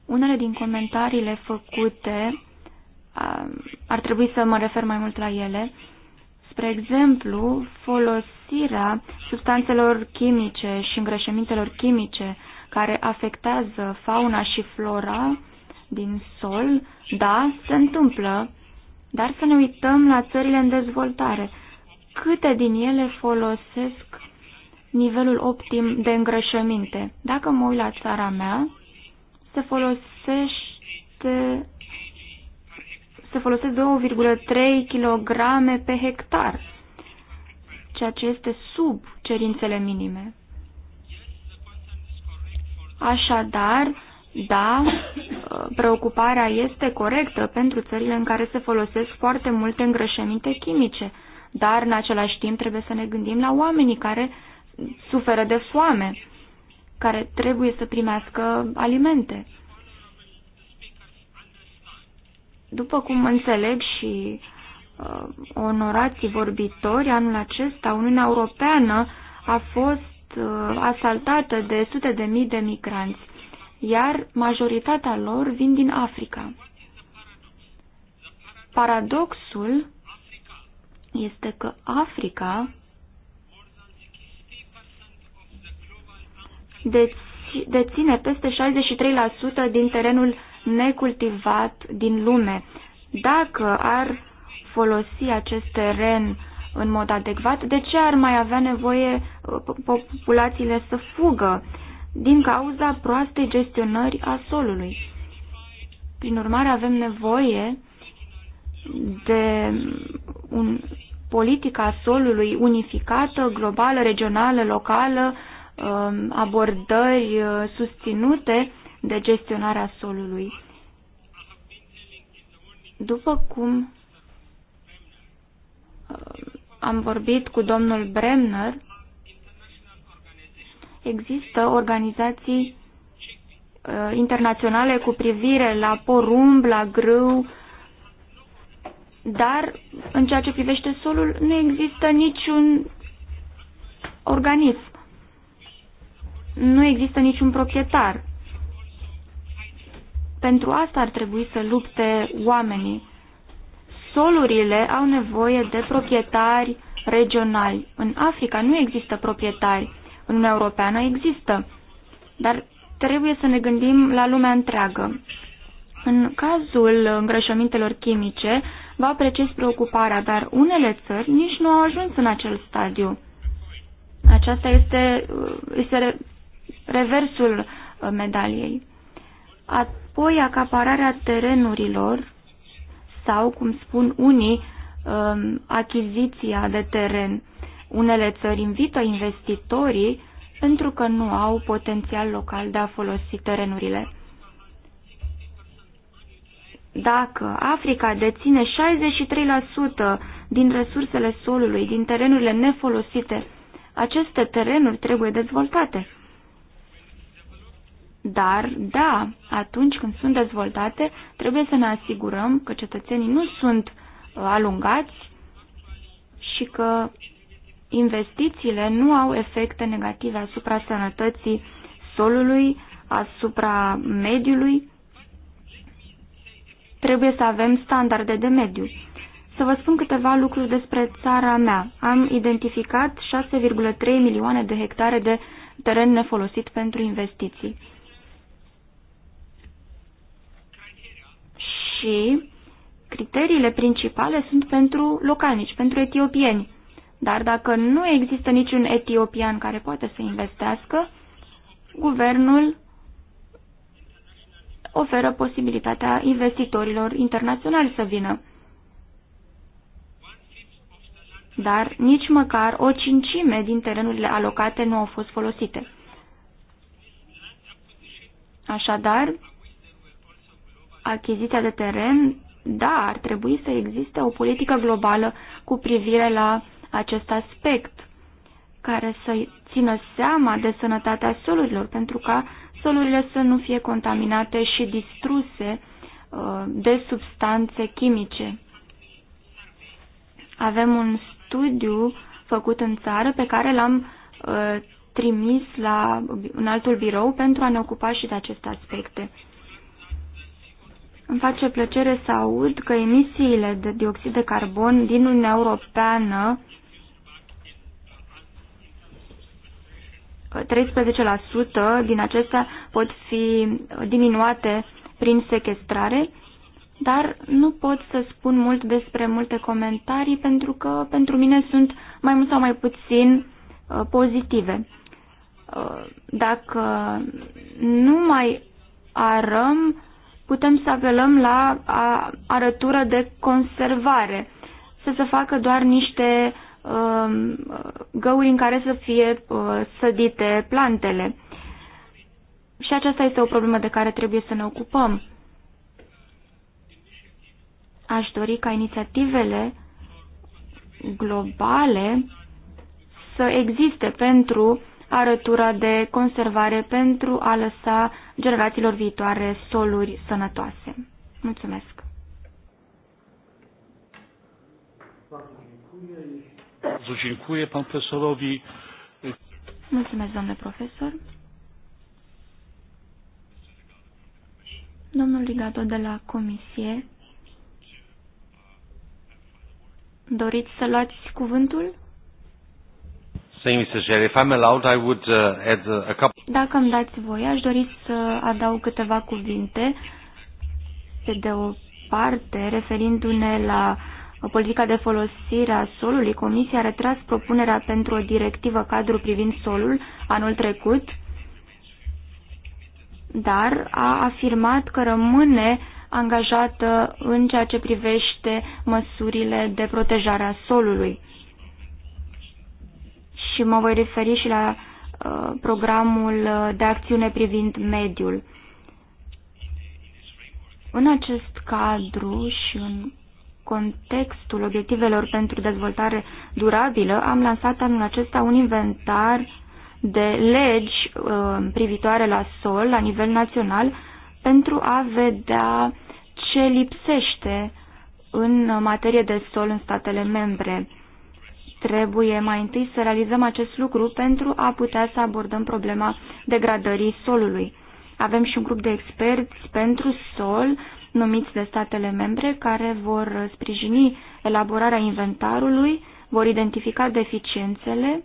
unele din comentariile făcute Um, ar trebui să mă refer mai mult la ele. Spre exemplu, folosirea substanțelor chimice și îngrășămintelor chimice care afectează fauna și flora din sol, da, se întâmplă, dar să ne uităm la țările în dezvoltare. Câte din ele folosesc nivelul optim de îngrășăminte? Dacă mă uit la țara mea, se folosește se folosesc 2,3 kg pe hectar, ceea ce este sub cerințele minime. Așadar, da, preocuparea este corectă pentru țările în care se folosesc foarte multe îngrășăminte chimice, dar în același timp trebuie să ne gândim la oamenii care suferă de foame, care trebuie să primească alimente. După cum înțeleg și uh, onorații vorbitori, anul acesta Uniunea Europeană a fost uh, asaltată de sute de mii de migranți, iar majoritatea lor vin din Africa. Paradoxul este că Africa deține peste 63% din terenul necultivat din lume. Dacă ar folosi acest teren în mod adecvat, de ce ar mai avea nevoie uh, populațiile să fugă din cauza proastei gestionări a solului? Prin urmare, avem nevoie de un, politica solului unificată, globală, regională, locală, um, abordări uh, susținute de gestionare a solului. După cum uh, am vorbit cu domnul Bremner, există organizații uh, internaționale cu privire la porumb, la grâu, dar în ceea ce privește solul nu există niciun organism. Nu există niciun proprietar. Pentru asta ar trebui să lupte oamenii. Solurile au nevoie de proprietari regionali. În Africa nu există proprietari. În Uniunea Europeană există. Dar trebuie să ne gândim la lumea întreagă. În cazul îngrășămintelor chimice, vă apreciez preocuparea, dar unele țări nici nu au ajuns în acel stadiu. Aceasta este, este reversul uh, medaliei apoi acapararea terenurilor sau, cum spun unii, um, achiziția de teren. Unele țări invită investitorii pentru că nu au potențial local de a folosi terenurile. Dacă Africa deține 63% din resursele solului, din terenurile nefolosite, aceste terenuri trebuie dezvoltate. Dar, da, atunci când sunt dezvoltate, trebuie să ne asigurăm că cetățenii nu sunt uh, alungați și că investițiile nu au efecte negative asupra sănătății solului, asupra mediului. Trebuie să avem standarde de mediu. Să vă spun câteva lucruri despre țara mea. Am identificat 6,3 milioane de hectare de teren nefolosit pentru investiții. și criteriile principale sunt pentru localnici, pentru etiopieni. Dar dacă nu există niciun etiopian care poate să investească, guvernul oferă posibilitatea investitorilor internaționali să vină. Dar nici măcar o cincime din terenurile alocate nu au fost folosite. Așadar, achiziția de teren, da, ar trebui să existe o politică globală cu privire la acest aspect, care să țină seama de sănătatea solurilor, pentru ca solurile să nu fie contaminate și distruse uh, de substanțe chimice. Avem un studiu făcut în țară pe care l-am uh, trimis la un altul birou pentru a ne ocupa și de aceste aspecte. Îmi face plăcere să aud că emisiile de dioxid de carbon din Uniunea Europeană 13% din acestea pot fi diminuate prin sequestrare, dar nu pot să spun mult despre multe comentarii pentru că pentru mine sunt mai mult sau mai puțin uh, pozitive. Uh, dacă nu mai arăm putem să apelăm la a, arătură de conservare, să se facă doar niște um, găuri în care să fie uh, sădite plantele. Și aceasta este o problemă de care trebuie să ne ocupăm. Aș dori ca inițiativele globale să existe pentru arătura de conservare pentru a lăsa generațiilor viitoare soluri sănătoase. Mulțumesc! Mulțumesc, domnule profesor. Domnul Ligato de la Comisie, doriți să luați cuvântul? Dacă îmi dați voie, aș dori să adaug câteva cuvinte, pe de o parte, referindu-ne la politica de folosire a solului, Comisia a retras propunerea pentru o directivă cadru privind solul anul trecut, dar a afirmat că rămâne angajată în ceea ce privește măsurile de protejare a solului și mă voi referi și la uh, programul de acțiune privind mediul. În acest cadru și în contextul obiectivelor pentru dezvoltare durabilă, am lansat anul acesta un inventar de legi uh, privitoare la sol la nivel național pentru a vedea ce lipsește în materie de sol în statele membre. Trebuie mai întâi să realizăm acest lucru pentru a putea să abordăm problema degradării solului. Avem și un grup de experți pentru sol numiți de statele membre care vor sprijini elaborarea inventarului, vor identifica deficiențele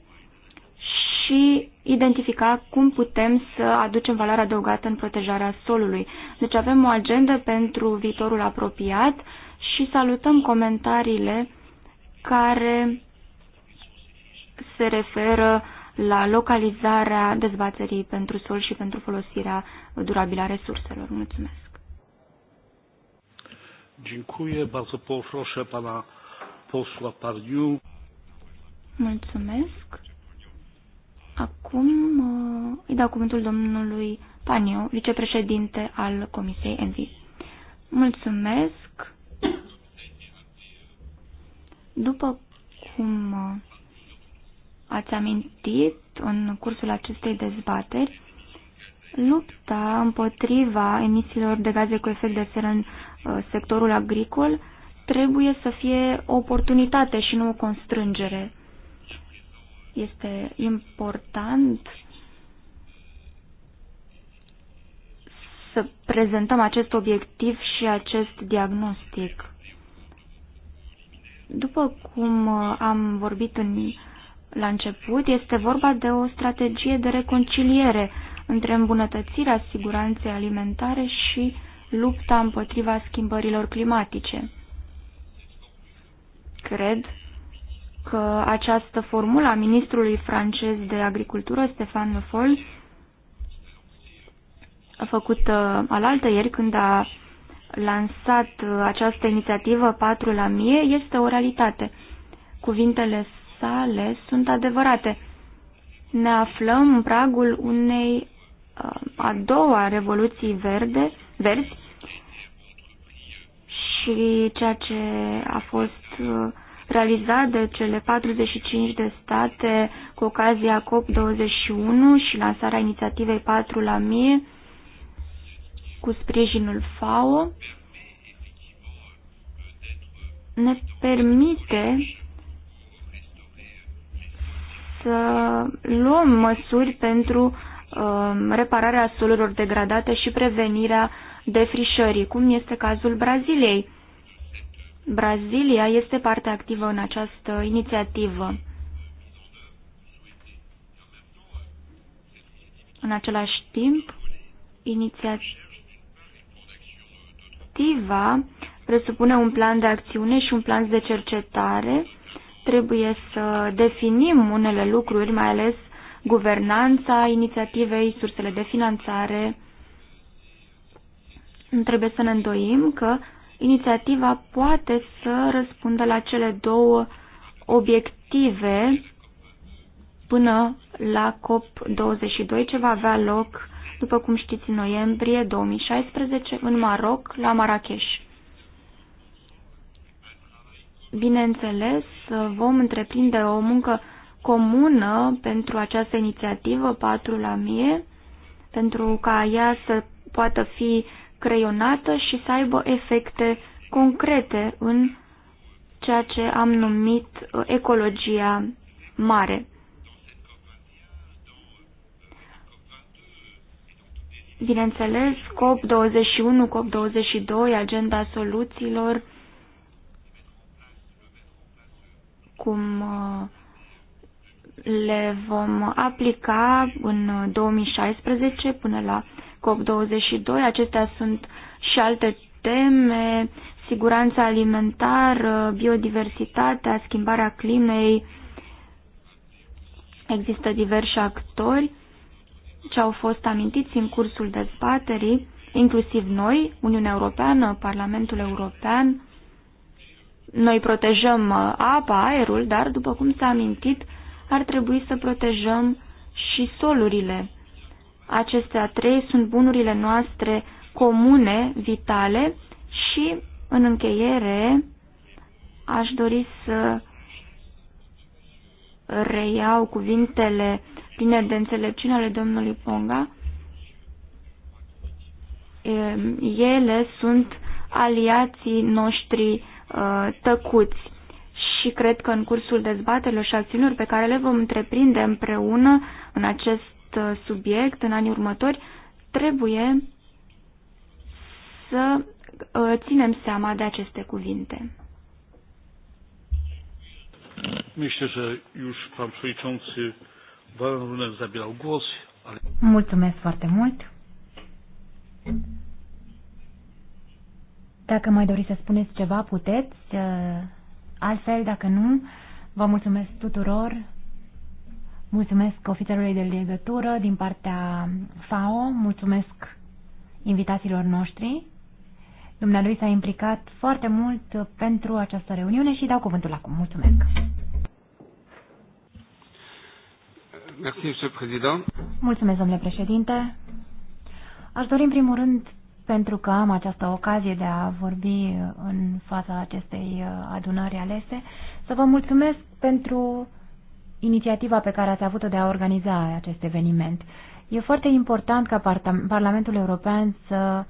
și identifica cum putem să aducem valoarea adăugată în protejarea solului. Deci avem o agendă pentru viitorul apropiat și salutăm comentariile care se referă la localizarea dezbaterii pentru sol și pentru folosirea durabilă a resurselor. Mulțumesc. Dziękuję. Bardzo proszę pana posła Parniu. Mulțumesc. Acum uh, îi dau cuvântul domnului Paniu, vicepreședinte al Comisiei Envi. Mulțumesc. După cum uh, ați amintit în cursul acestei dezbateri, lupta împotriva emisiilor de gaze cu efect de seră în uh, sectorul agricol trebuie să fie o oportunitate și nu o constrângere. Este important să prezentăm acest obiectiv și acest diagnostic. După cum uh, am vorbit în la început. Este vorba de o strategie de reconciliere între îmbunătățirea siguranței alimentare și lupta împotriva schimbărilor climatice. Cred că această formulă a ministrului francez de agricultură, Stefan Le Foll, a făcut uh, alaltă ieri când a lansat uh, această inițiativă 4 la mie, este o realitate. Cuvintele sale sunt adevărate. Ne aflăm în pragul unei uh, a doua revoluții verde, verzi și ceea ce a fost uh, realizat de cele 45 de state cu ocazia COP21 și lansarea inițiativei 4 la 1000 cu sprijinul FAO ne permite să luăm măsuri pentru um, repararea solurilor degradate și prevenirea defrișării, cum este cazul Braziliei. Brazilia este parte activă în această inițiativă. În același timp, inițiativa presupune un plan de acțiune și un plan de cercetare Trebuie să definim unele lucruri, mai ales guvernanța inițiativei, sursele de finanțare. Nu trebuie să ne îndoim că inițiativa poate să răspundă la cele două obiective până la COP22, ce va avea loc, după cum știți, în noiembrie 2016 în Maroc, la Marrakesh. Bineînțeles, vom întreprinde o muncă comună pentru această inițiativă 4 la mie, pentru ca ea să poată fi creionată și să aibă efecte concrete în ceea ce am numit uh, ecologia mare. Bineînțeles, COP21, COP22, agenda soluțiilor, cum uh, le vom aplica în 2016 uh, până la COP22. Acestea sunt și alte teme, siguranța alimentară, biodiversitatea, schimbarea climei. Există diversi actori ce au fost amintiți în cursul dezbaterii, inclusiv noi, Uniunea Europeană, Parlamentul European, noi protejăm uh, apa, aerul, dar, după cum s-a amintit, ar trebui să protejăm și solurile. Acestea trei sunt bunurile noastre comune, vitale și, în încheiere, aș dori să reiau cuvintele pline de înțelepciune ale domnului Ponga. Ele sunt aliații noștri Uh, tăcuți și cred că în cursul dezbatelor și acțiunilor pe care le vom întreprinde împreună în acest uh, subiect în anii următori, trebuie să uh, ținem seama de aceste cuvinte. Mulțumesc foarte mult. Dacă mai doriți să spuneți ceva, puteți. Uh, altfel, dacă nu, vă mulțumesc tuturor. Mulțumesc ofițerului de legătură din partea FAO, mulțumesc invitațiilor noștri. Dumnealui s-a implicat foarte mult pentru această reuniune și dau cuvântul acum. Mulțumesc. Mulțumesc, domnule președinte. Aș dori, în primul rând, pentru că am această ocazie de a vorbi în fața acestei uh, adunări alese. Să vă mulțumesc pentru inițiativa pe care ați avut-o de a organiza acest eveniment. E foarte important ca Parlamentul European să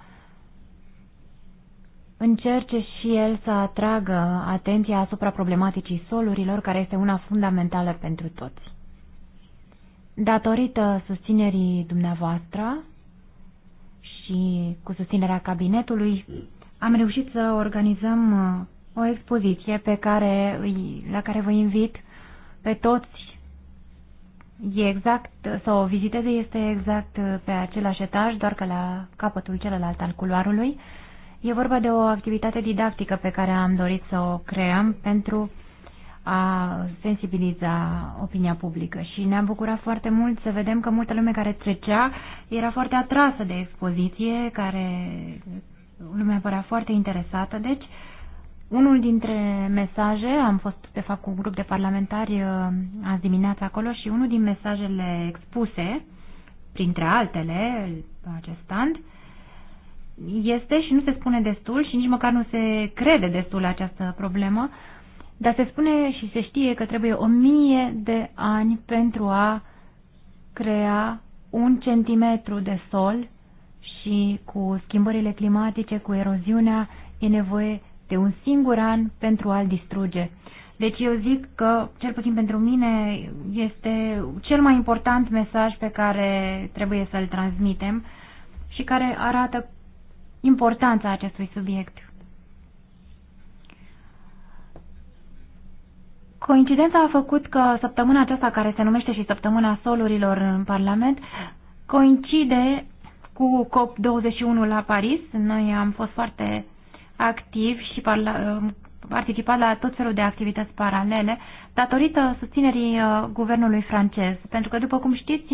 încerce și el să atragă atenția asupra problematicii solurilor, care este una fundamentală pentru toți. Datorită susținerii dumneavoastră, și cu susținerea cabinetului am reușit să organizăm uh, o expoziție pe care, la care vă invit pe toți. E exact, să o viziteze este exact uh, pe același etaj, doar că la capătul celălalt al culoarului. E vorba de o activitate didactică pe care am dorit să o creăm pentru a sensibiliza opinia publică și ne-am bucurat foarte mult să vedem că multă lume care trecea era foarte atrasă de expoziție, care lumea părea foarte interesată. Deci, unul dintre mesaje, am fost de fapt cu un grup de parlamentari uh, azi dimineața acolo și unul din mesajele expuse, printre altele, acest stand, este și nu se spune destul și nici măcar nu se crede destul această problemă, dar se spune și se știe că trebuie o mie de ani pentru a crea un centimetru de sol și cu schimbările climatice, cu eroziunea, e nevoie de un singur an pentru a-l distruge. Deci eu zic că, cel puțin pentru mine, este cel mai important mesaj pe care trebuie să-l transmitem și care arată importanța acestui subiect. Coincidența a făcut că săptămâna aceasta, care se numește și săptămâna solurilor în Parlament, coincide cu COP21 la Paris. Noi am fost foarte activi și participat la tot felul de activități paralele, datorită susținerii uh, guvernului francez. Pentru că, după cum știți,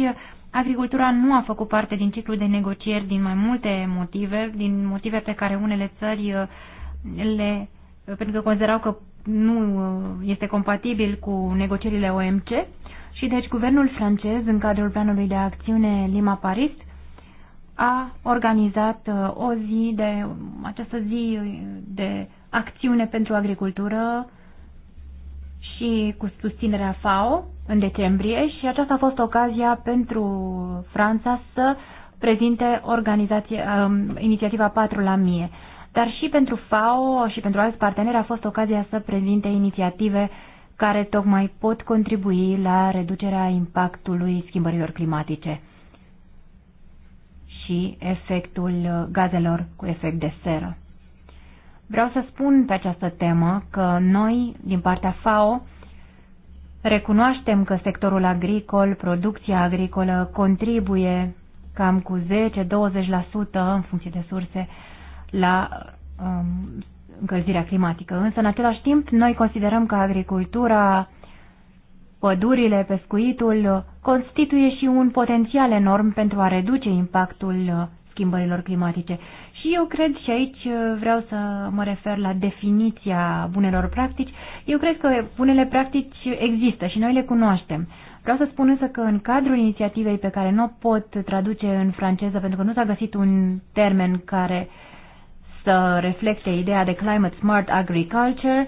agricultura nu a făcut parte din ciclul de negocieri din mai multe motive, din motive pe care unele țări uh, le pentru că considerau că nu uh, este compatibil cu negocierile OMC și deci guvernul francez, în cadrul planului de acțiune Lima-Paris, a organizat uh, o zi de, această zi de acțiune pentru agricultură și cu susținerea FAO în decembrie și aceasta a fost ocazia pentru Franța să prezinte organizație, um, inițiativa 4 la mie. Dar și pentru FAO și pentru alți parteneri a fost ocazia să prezinte inițiative care tocmai pot contribui la reducerea impactului schimbărilor climatice și efectul gazelor cu efect de seră. Vreau să spun pe această temă că noi, din partea FAO, recunoaștem că sectorul agricol, producția agricolă, contribuie cam cu 10-20% în funcție de surse la um, încălzirea climatică. Însă, în același timp, noi considerăm că agricultura, pădurile, pescuitul constituie și un potențial enorm pentru a reduce impactul uh, schimbărilor climatice. Și eu cred, și aici uh, vreau să mă refer la definiția bunelor practici, eu cred că bunele practici există și noi le cunoaștem. Vreau să spun însă că în cadrul inițiativei pe care nu o pot traduce în franceză, pentru că nu s-a găsit un termen care uh, să reflecte ideea de Climate Smart Agriculture,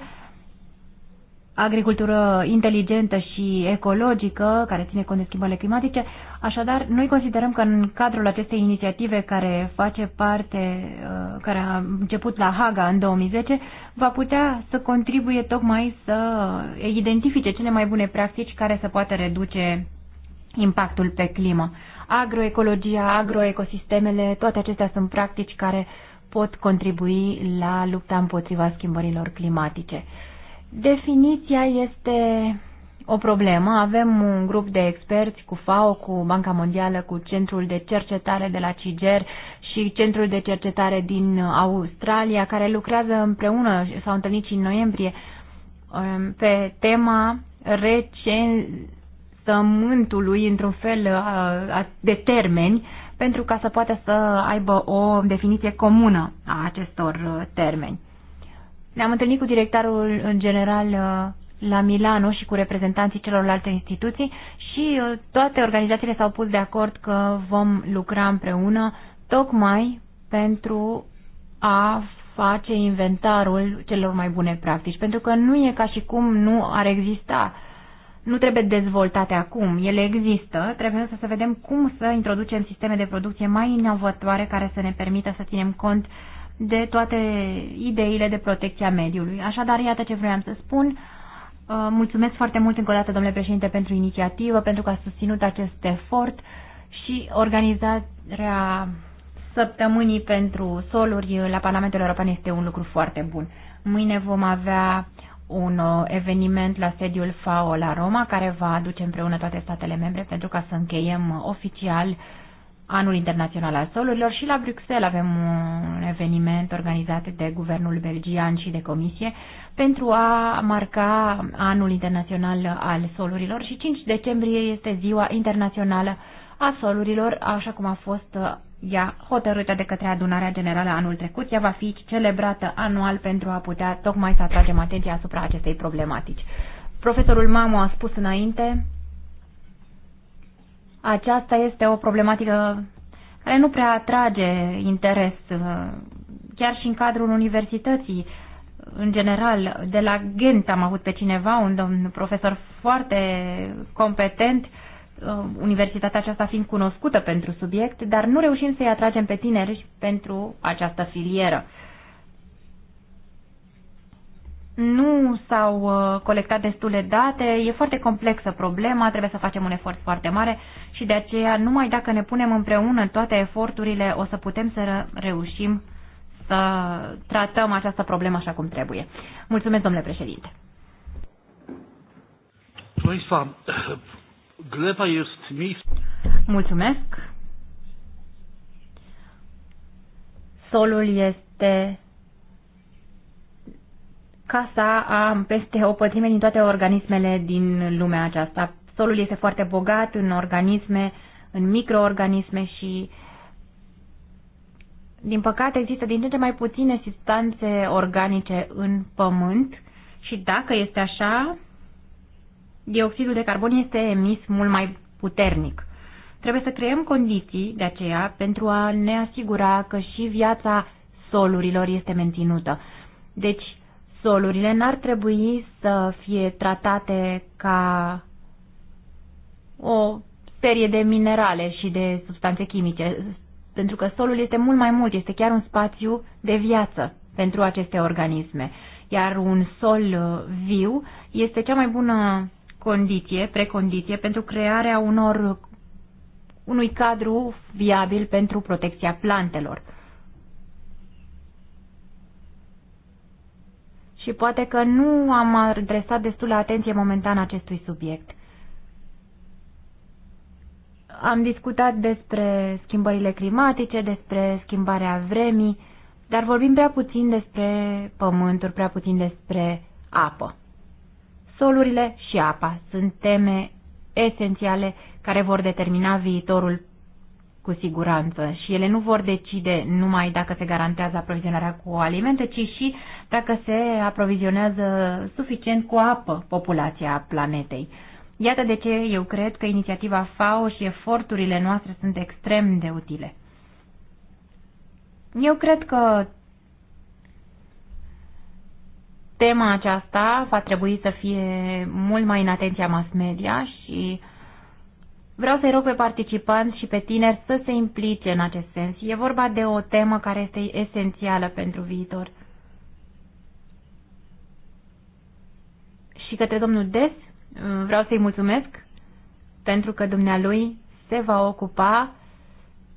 agricultură inteligentă și ecologică, care ține cont de schimbările climatice. Așadar, noi considerăm că în cadrul acestei inițiative care face parte, uh, care a început la Haga în 2010, va putea să contribuie tocmai să identifice cele mai bune practici care să poată reduce impactul pe climă. Agroecologia, agroecosistemele, toate acestea sunt practici care uh, pot contribui la lupta împotriva schimbărilor climatice. Definiția este o problemă. Avem un grup de experți cu FAO, cu Banca Mondială, cu Centrul de Cercetare de la CIGER și Centrul de Cercetare din Australia, care lucrează împreună, s-au întâlnit și în noiembrie, um, pe tema recensământului, într-un fel uh, de termeni, pentru ca să poată să aibă o definiție comună a acestor uh, termeni. Ne-am întâlnit cu directorul uh, general uh, la Milano și cu reprezentanții celorlalte instituții și toate organizațiile s-au pus de acord că vom lucra împreună tocmai pentru a face inventarul celor mai bune practici, pentru că nu e ca și cum nu ar exista nu trebuie dezvoltate acum, ele există, trebuie însă să vedem cum să introducem sisteme de producție mai inovatoare care să ne permită să ținem cont de toate ideile de protecție a mediului. Așadar, iată ce vreau să spun. Uh, mulțumesc foarte mult încă o dată, domnule președinte, pentru inițiativă, pentru că a susținut acest efort și organizarea săptămânii pentru soluri la Parlamentul European este un lucru foarte bun. Mâine vom avea un uh, eveniment la sediul FAO la Roma, care va aduce împreună toate statele membre pentru ca să încheiem uh, oficial Anul Internațional al Solurilor și la Bruxelles avem un eveniment organizat de guvernul belgian și de comisie pentru a marca Anul Internațional al Solurilor și 5 decembrie este ziua internațională a solurilor, așa cum a fost uh, ea hotărâtă de către adunarea generală anul trecut, ea va fi celebrată anual pentru a putea tocmai să atragem atenția asupra acestei problematici. Profesorul Mamu a spus înainte, aceasta este o problematică care nu prea atrage interes, uh, chiar și în cadrul universității. În general, de la Gent am avut pe cineva, un domn profesor foarte competent, Uh, universitatea aceasta fiind cunoscută pentru subiect, dar nu reușim să-i atragem pe tineri pentru această filieră. Nu s-au uh, colectat destule date, e foarte complexă problema, trebuie să facem un efort foarte mare și de aceea numai dacă ne punem împreună toate eforturile o să putem să reușim să tratăm această problemă așa cum trebuie. Mulțumesc, domnule președinte. Proszę Gleba jest miejsce. Mulțumesc. Solul este casa a peste o pătrime din toate organismele din lumea aceasta. Solul este foarte bogat în organisme, în microorganisme și din păcate există din ce în ce mai puține substanțe organice în pământ și dacă este așa, dioxidul de carbon este emis mult mai puternic. Trebuie să creăm condiții, de aceea, pentru a ne asigura că și viața solurilor este menținută. Deci, solurile n-ar trebui să fie tratate ca o serie de minerale și de substanțe chimice, pentru că solul este mult mai mult, este chiar un spațiu de viață pentru aceste organisme. Iar un sol viu este cea mai bună condiție, precondiție pentru crearea unor unui cadru viabil pentru protecția plantelor. Și poate că nu am adresat destul atenție momentan acestui subiect. Am discutat despre schimbările climatice, despre schimbarea vremii, dar vorbim prea puțin despre pământuri, prea puțin despre apă. Solurile și apa sunt teme esențiale care vor determina viitorul cu siguranță și ele nu vor decide numai dacă se garantează aprovizionarea cu alimente, ci și dacă se aprovizionează suficient cu apă populația planetei. Iată de ce eu cred că inițiativa FAO și eforturile noastre sunt extrem de utile. Eu cred că tema aceasta va trebui să fie mult mai în atenția mass media și vreau să-i rog pe participanți și pe tineri să se implice în acest sens. E vorba de o temă care este esențială pentru viitor. Și către domnul Des vreau să-i mulțumesc pentru că dumnealui se va ocupa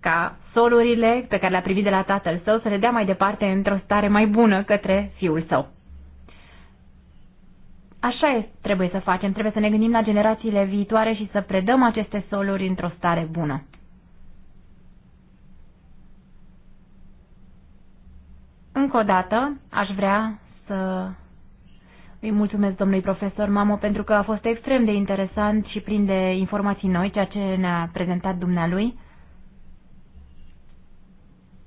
ca solurile pe care le-a privit de la tatăl său să le dea mai departe într-o stare mai bună către fiul său. Așa e, trebuie să facem, trebuie să ne gândim la generațiile viitoare și să predăm aceste soluri într-o stare bună. Încă o dată aș vrea să îi mulțumesc domnului profesor Mamo pentru că a fost extrem de interesant și plin de informații noi ceea ce ne-a prezentat dumnealui.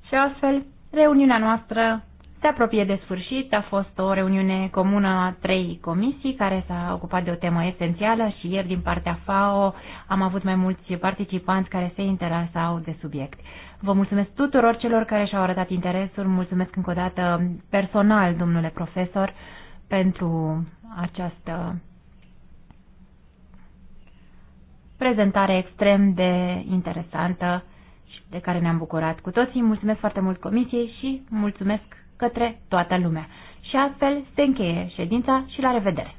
Și astfel, reuniunea noastră se apropie de sfârșit, a fost o reuniune comună a trei comisii care s-a ocupat de o temă esențială și ieri din partea FAO am avut mai mulți participanți care se interesau de subiect. Vă mulțumesc tuturor celor care și-au arătat interesul, mulțumesc încă o dată personal, domnule profesor, pentru această prezentare extrem de interesantă și de care ne-am bucurat cu toții. Mulțumesc foarte mult comisiei și mulțumesc către toată lumea. Și astfel se încheie ședința și la revedere!